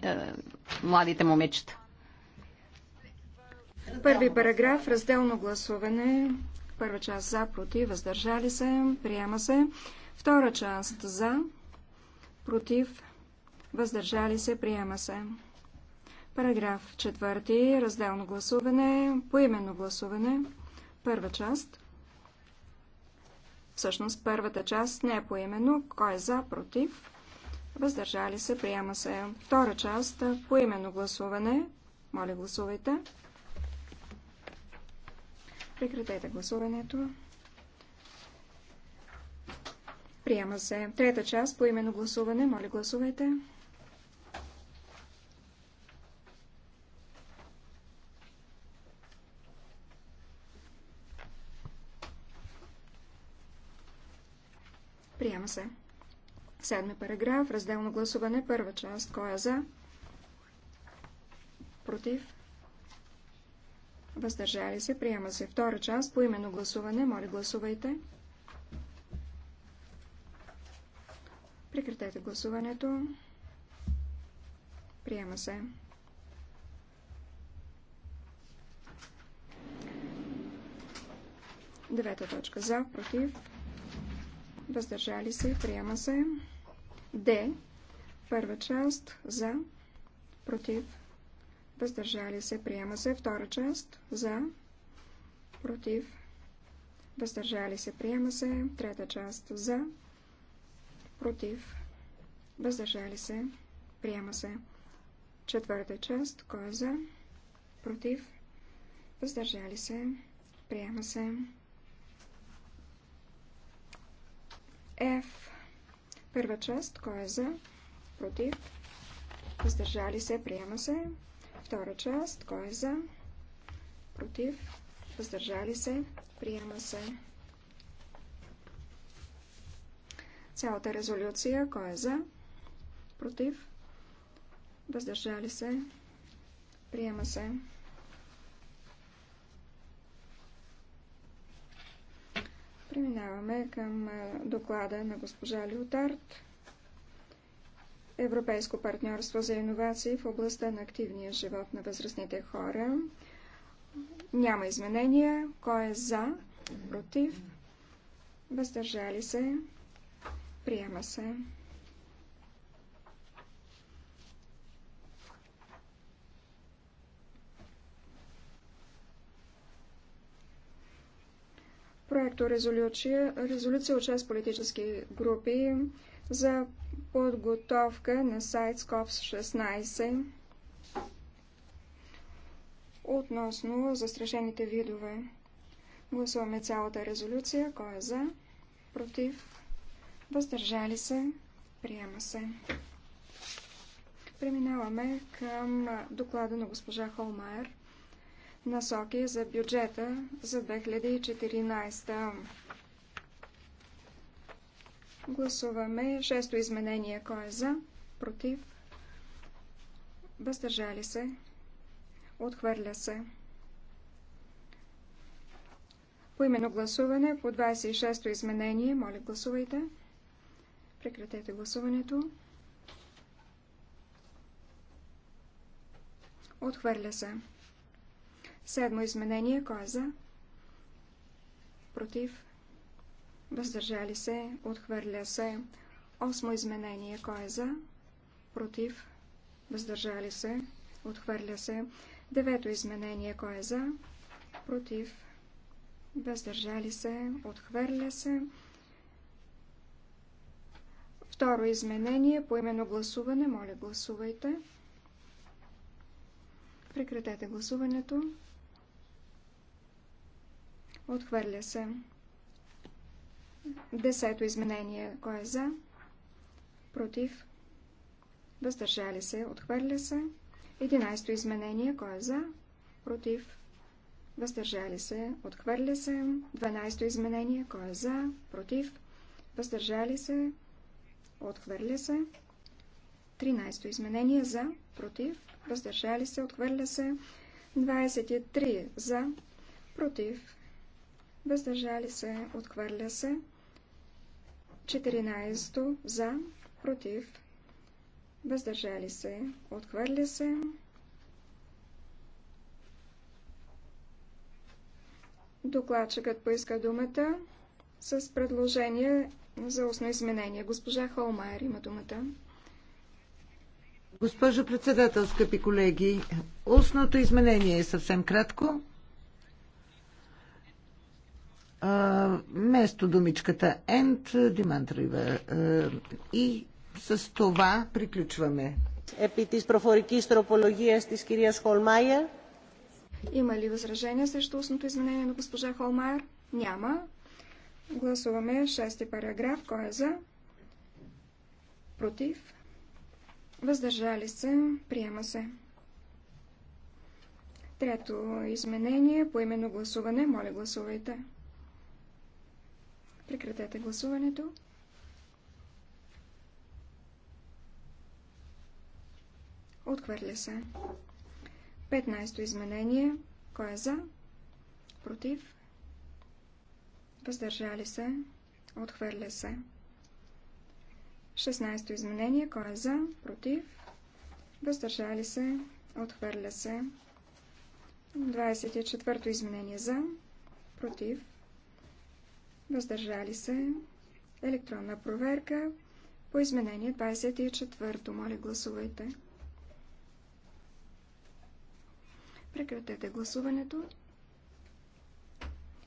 младите момичета. Първи параграф, разделно гласуване. Първа част за, против, въздържали се, приема се. Втора част за, против, въздържали се, приема се. Параграф 4. Разделно гласуване, поименно гласуване. Първа част. Всъщност първата част не е поименно. Кой е за, против? Въздържали се, приема се. Втора част, поименно гласуване. Моля, гласувайте. Прекратете гласуването. Приема се. Трета част по именно гласуване. Моля, гласувайте. Приема се. Седми параграф. Разделно гласуване. Първа част. Кой е за? Против? въздържали се, приема се. Втора част, по именно гласуване, моля гласувайте. Прекратете гласуването. Приема се. Девета точка за, против, въздържали се, приема се. Д. Първа част за, против, въздържали се, приема се. Втора част за, против, въздържали се, приема се. Трета част за, против, въздържали се, приема се. Четвърта част, кой е за, против, въздържали се, приема се. F. Първа част, кой е за, против, въздържали се, приема се. Втора част. Кой е за? Против. Въздържали се. Приема се. Цялата резолюция. Кой е за? Против. Въздържали се. Приема се. Преминаваме към доклада на госпожа Лютарт. Европейско партньорство за иновации в областта на активния живот на възрастните хора. Няма изменения. Кой е за? Против? Въздържали се? Приема се. Проекто резолюция, резолюция от 6 политически групи за подготовка на сайт SCOPS-16 относно застрашените видове. Гласуваме цялата резолюция. Кой е за? Против? Въздържали се? Приема се. Преминаваме към доклада на госпожа Холмайер. Насоки за бюджета за 2014. Гласуваме шесто изменение. Кой е за? Против? Въздържали се? Отхвърля се. По именно гласуване по 26-то изменение. Моля, гласувайте. Прекратете гласуването. Отхвърля се. Седмо изменение. Кой е за? Против? въздържали се, отхвърля се. Осмо изменение, кой е за, против, въздържали се, отхвърля се. Девето изменение, кой е за, против, въздържали се, отхвърля се. Второ изменение, по именно гласуване, моля гласувайте. Прекратете гласуването. Отхвърля се. Десето изменение. Кой е за? Против. Въздържали се. Отхвърля се. Единайсто изменение. Кой е за? Против. Въздържали се. Отхвърля се. Дванайсто изменение. Кой е за? Против. Въздържали се. Отхвърля се. Тринайсто изменение. За. Против. Въздържали се. Отхвърля се. 23 за, против, въздържали се, отхвърля се. 14 за, против, въздържали се, отхвърля се. Докладчикът поиска думата с предложение за устно изменение. Госпожа Холмайер има думата. Госпожо председател, скъпи колеги, устното изменение е съвсем кратко вместо думичката end demand river. И с това приключваме. Επί της προφορικής τροπολογίας της κυρίας Χολμάιερ. Има ли възражение срещу устното изменение на госпожа Холмайер? Няма. Гласуваме 6-ти параграф. Кой е за? Против? Въздържали се? Приема се. Трето изменение по именно гласуване. Моля гласувайте. Прекратете гласуването. Отхвърля се. 15-то изменение. Кой е за? Против? Въздържали се? Отхвърля се. 16-то изменение. Кой е за? Против? Въздържали се? Отхвърля се. 24-то изменение за? Против? въздържали се, електронна проверка по изменение 24. Моля, гласувайте. Прекратете гласуването.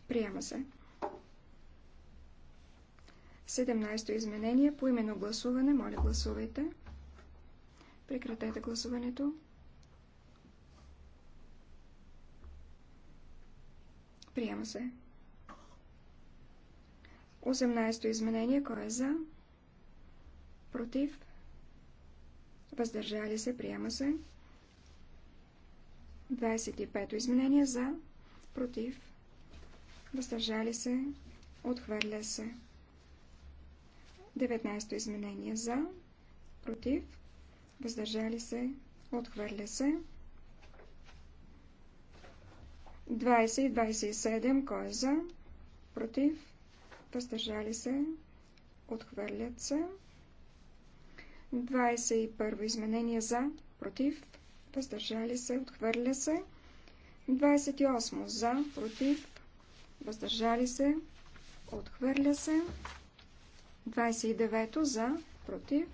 Приема се. 17-то изменение по именно гласуване. Моля, гласувайте. Прекратете гласуването. Приема се. 18-то изменение. Кой е за? Против? Въздържали се. Приема се. 25-то изменение. За? Против? Въздържали се. Отхвърля се. 19-то изменение. За? Против? Въздържали се. Отхвърля се. 20 и 27. Кой е за? Против? въздържали се, отхвърлят се. 21 изменение за, против, въздържали се, отхвърля се. 28 за, против, въздържали се, отхвърля се. 29 за, против,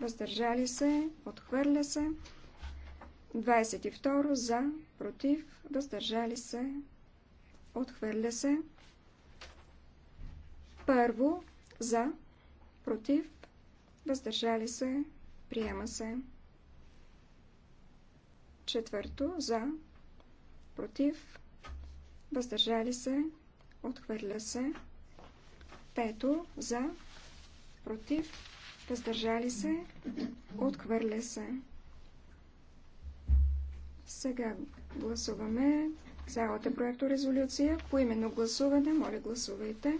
въздържали се, отхвърля се. 22 за, против, въздържали се, отхвърля се. Първо, за, против, въздържали се, приема се. Четвърто, за, против, въздържали се, отхвърля се. Пето, за, против, въздържали се, отхвърля се. Сега гласуваме цялата проекторезолюция. По именно гласуване, моля гласувайте.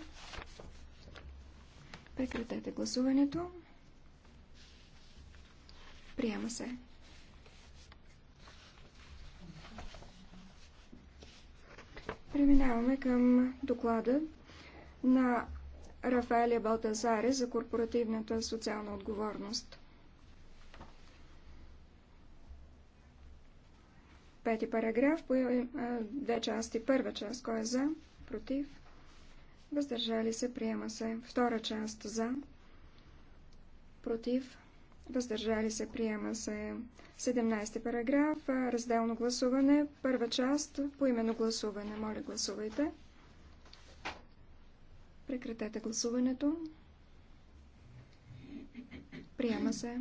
Прекратете гласуването. Приема се. Преминаваме към доклада на Рафаелия Балтазаре за корпоративната социална отговорност. Пети параграф, е, две части. Първа част, кой е за, против, въздържали се, приема се. Втора част за, против, въздържали се, приема се. 17 параграф, разделно гласуване, първа част, по именно гласуване. Моля, гласувайте. Прекратете гласуването. Приема се.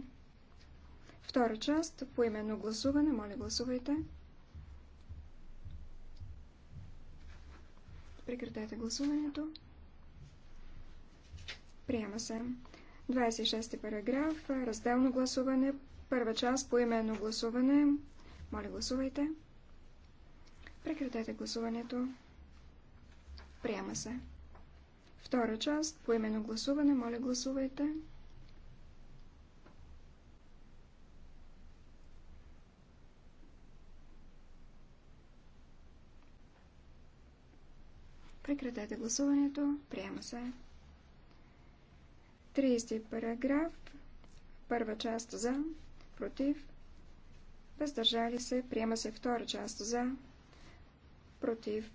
Втора част, по именно гласуване, моля, гласувайте. Прекратете гласуването. Приема се. 26 параграф. Разделно гласуване. Първа част по именно гласуване. Моля, гласувайте. Прекратете гласуването. Приема се. Втора част по именно гласуване. Моля, гласувайте. Прекратете гласуването. Приема се. 30 параграф. Първа част за. Против. Въздържали се. Приема се втора част за. Против.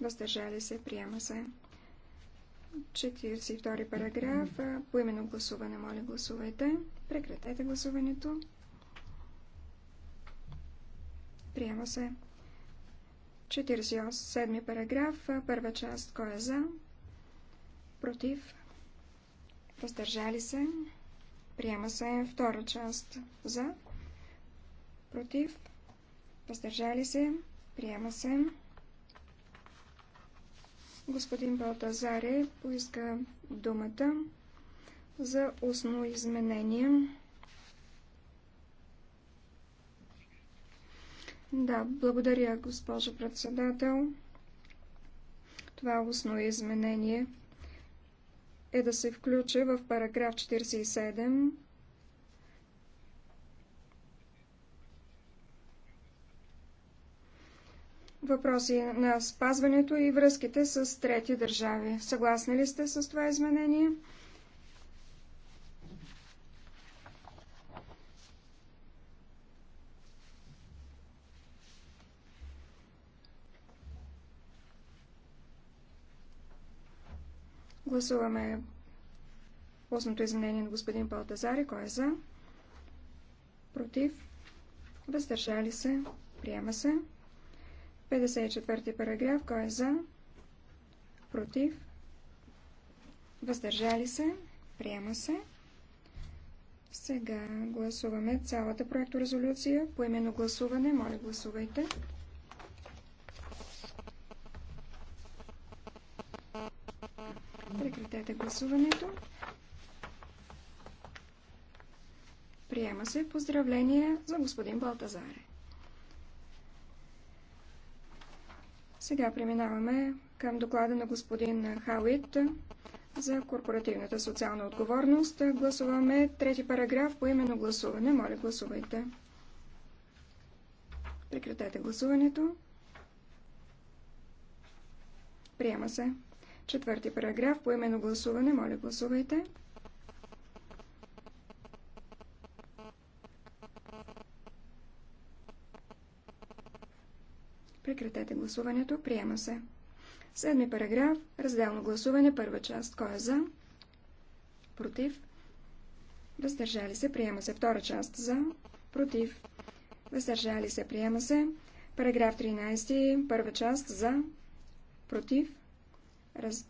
Въздържали се. Приема се. 42 параграф. По именно гласуване, моля, гласувайте. Прекратете гласуването. Приема се. 47 параграф, първа част, кой е за? Против? Въздържали се? Приема се втора част за? Против? Въздържали се? Приема се. Господин Балтазаре поиска думата за устно изменение. Да, благодаря, госпожо председател. Това устно изменение е да се включи в параграф 47 въпроси на спазването и връзките с трети държави. Съгласни ли сте с това изменение? Гласуваме Осното изменение на господин Балтазари. Кой е за? Против? Въздържали се? Приема се. 54 ти параграф. Кой е за? Против? Въздържали се? Приема се. Сега гласуваме цялата проекторезолюция. По именно гласуване. Моля, гласувайте. Прекратете гласуването. Приема се поздравление за господин Балтазаре. Сега преминаваме към доклада на господин Хауит за корпоративната социална отговорност. Гласуваме трети параграф по именно гласуване. Моля, гласувайте. Прекратете гласуването. Приема се. Четвърти параграф по именно гласуване. Моля, гласувайте. Прекратете гласуването. Приема се. Седми параграф. Разделно гласуване. Първа част. Кой е за? Против. Въздържали се. Приема се. Втора част. За. Против. Въздържали се. Приема се. Параграф 13. Първа част. За. Против. Раз...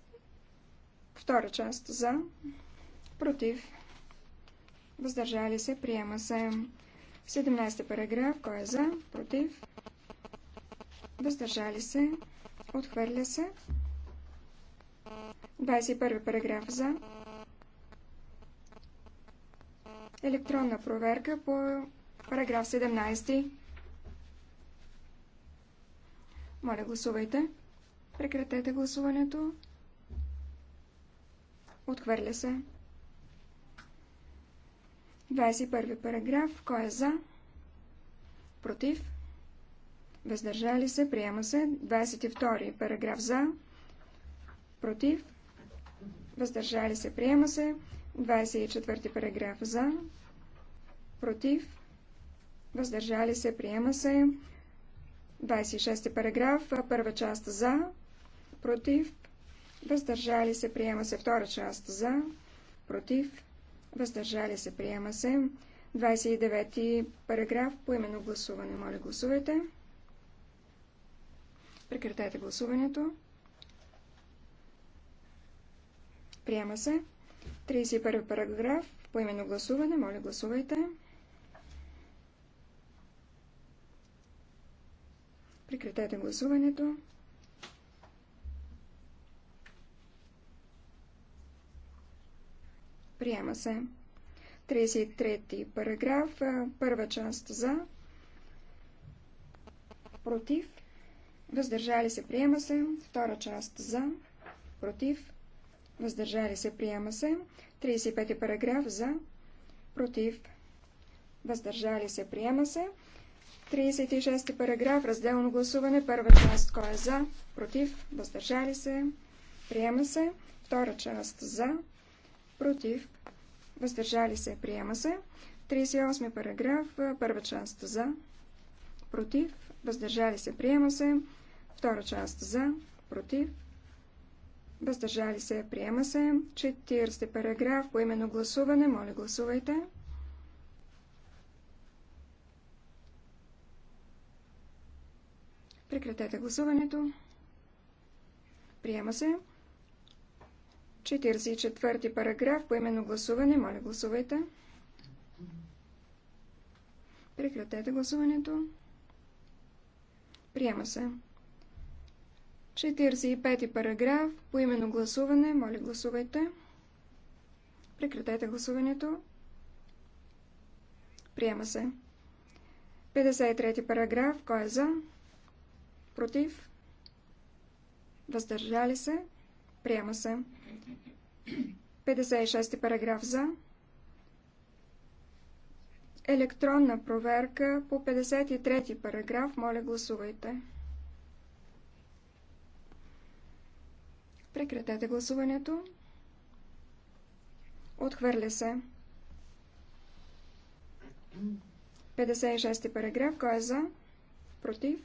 Втора част за, против, въздържали се, приема се. 17 параграф, кой е за, против, въздържали се, отхвърля се. 21 параграф за. Електронна проверка по параграф 17. Моля, гласувайте. Прекратете гласуването. Отхвърля се. 21 параграф. Кой е за? Против? Въздържали се? Приема се. 22 параграф за? Против? Въздържали се? Приема се. 24 параграф за? Против? Въздържали се? Приема се. 26 параграф. Първа част за? против, въздържали се, приема се втора част за, против, въздържали се, приема се. 29 ти параграф по именно гласуване. Моля, гласувайте. Прекратете гласуването. Приема се. 31 параграф по именно гласуване. Моля, гласувайте. Прекратете гласуването. Приема се. 33 параграф, първа част за, против, въздържали се, приема се, втора част за, против, въздържали се, приема се, 35 параграф за, против, въздържали се, приема се, 36 параграф, разделно гласуване, първа част, кой е за, против, въздържали се, приема се, втора част за, против, въздържали се, приема се. 38 параграф, първа част за, против, въздържали се, приема се. Втора част за, против, въздържали се, приема се. 40 параграф, по именно гласуване, моля гласувайте. Прекратете гласуването. Приема се. 44 параграф, по именно гласуване. Моля, гласувайте. Прекратете гласуването. Приема се. 45 параграф, по именно гласуване. Моля, гласувайте. Прекратете гласуването. Приема се. 53 параграф. Кой е за? Против? Въздържали се? Приема се. 56 параграф за. Електронна проверка по 53 параграф. Моля, гласувайте. Прекратете гласуването. Отхвърля се. 56 параграф. Кой е за? Против?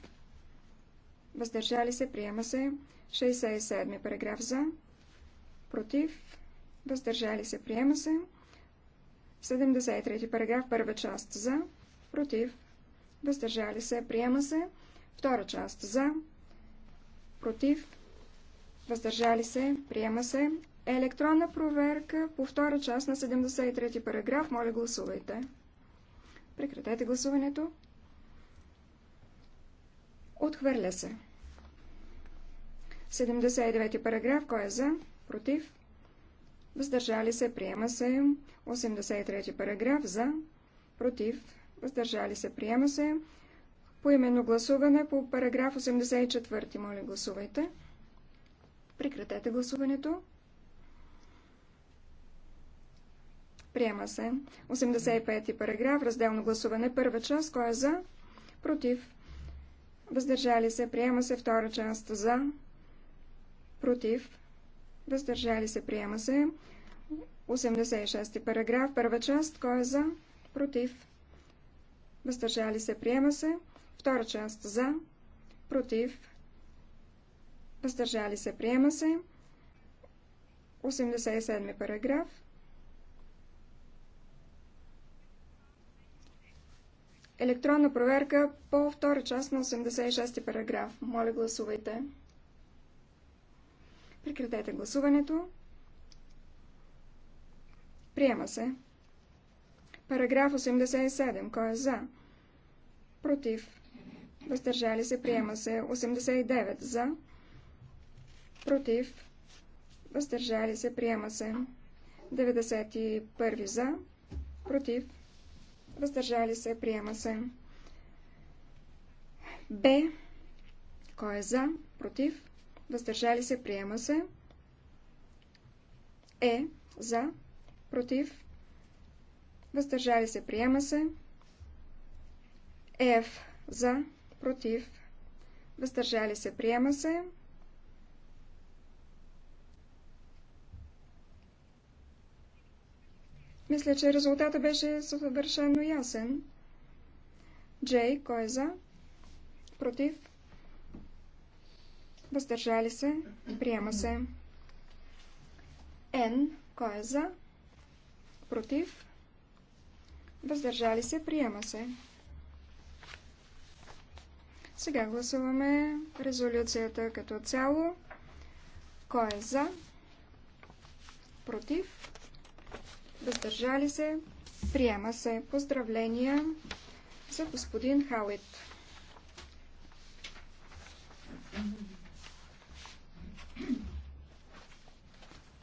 Въздържали се? Приема се. 67 параграф за против, въздържали се, приема се. 73 параграф, първа част за, против, въздържали се, приема се. Втора част за, против, въздържали се, приема се. Електронна проверка по втора част на 73 параграф. Моля, гласувайте. Прекратете гласуването. Отхвърля се. 79 параграф. Кой е за? против, въздържали се, приема се. 83 параграф за, против, въздържали се, приема се. Поименно гласуване по параграф 84. Моля, гласувайте. Прекратете гласуването. Приема се. 85 параграф, разделно гласуване, първа част, кой е за? Против. Въздържали се, приема се втора част за. Против въздържали се, приема се. 86 параграф, първа част, кой е за, против, въздържали се, приема се. Втора част, за, против, въздържали се, приема се. 87 параграф. Електронна проверка по втора част на 86 параграф. Моля гласувайте. Прекратете гласуването. Приема се. Параграф 87. Кой е за? Против. Въздържали се. Приема се. 89. За. Против. Въздържали се. Приема се. 91. За. Против. Въздържали се. Приема се. Б. Кой е за? Против въздържали се, приема се. Е, за, против, въздържали се, приема се. Ф, за, против, въздържали се, приема се. Мисля, че резултата беше съвършено ясен. Джей, кой е за? Против? Въздържали се. Приема се. Н. Кой е за? Против. Въздържали се. Приема се. Сега гласуваме резолюцията като цяло. Кой е за? Против? Въздържали се? Приема се. Поздравления за господин Хауит.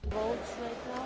boilerplate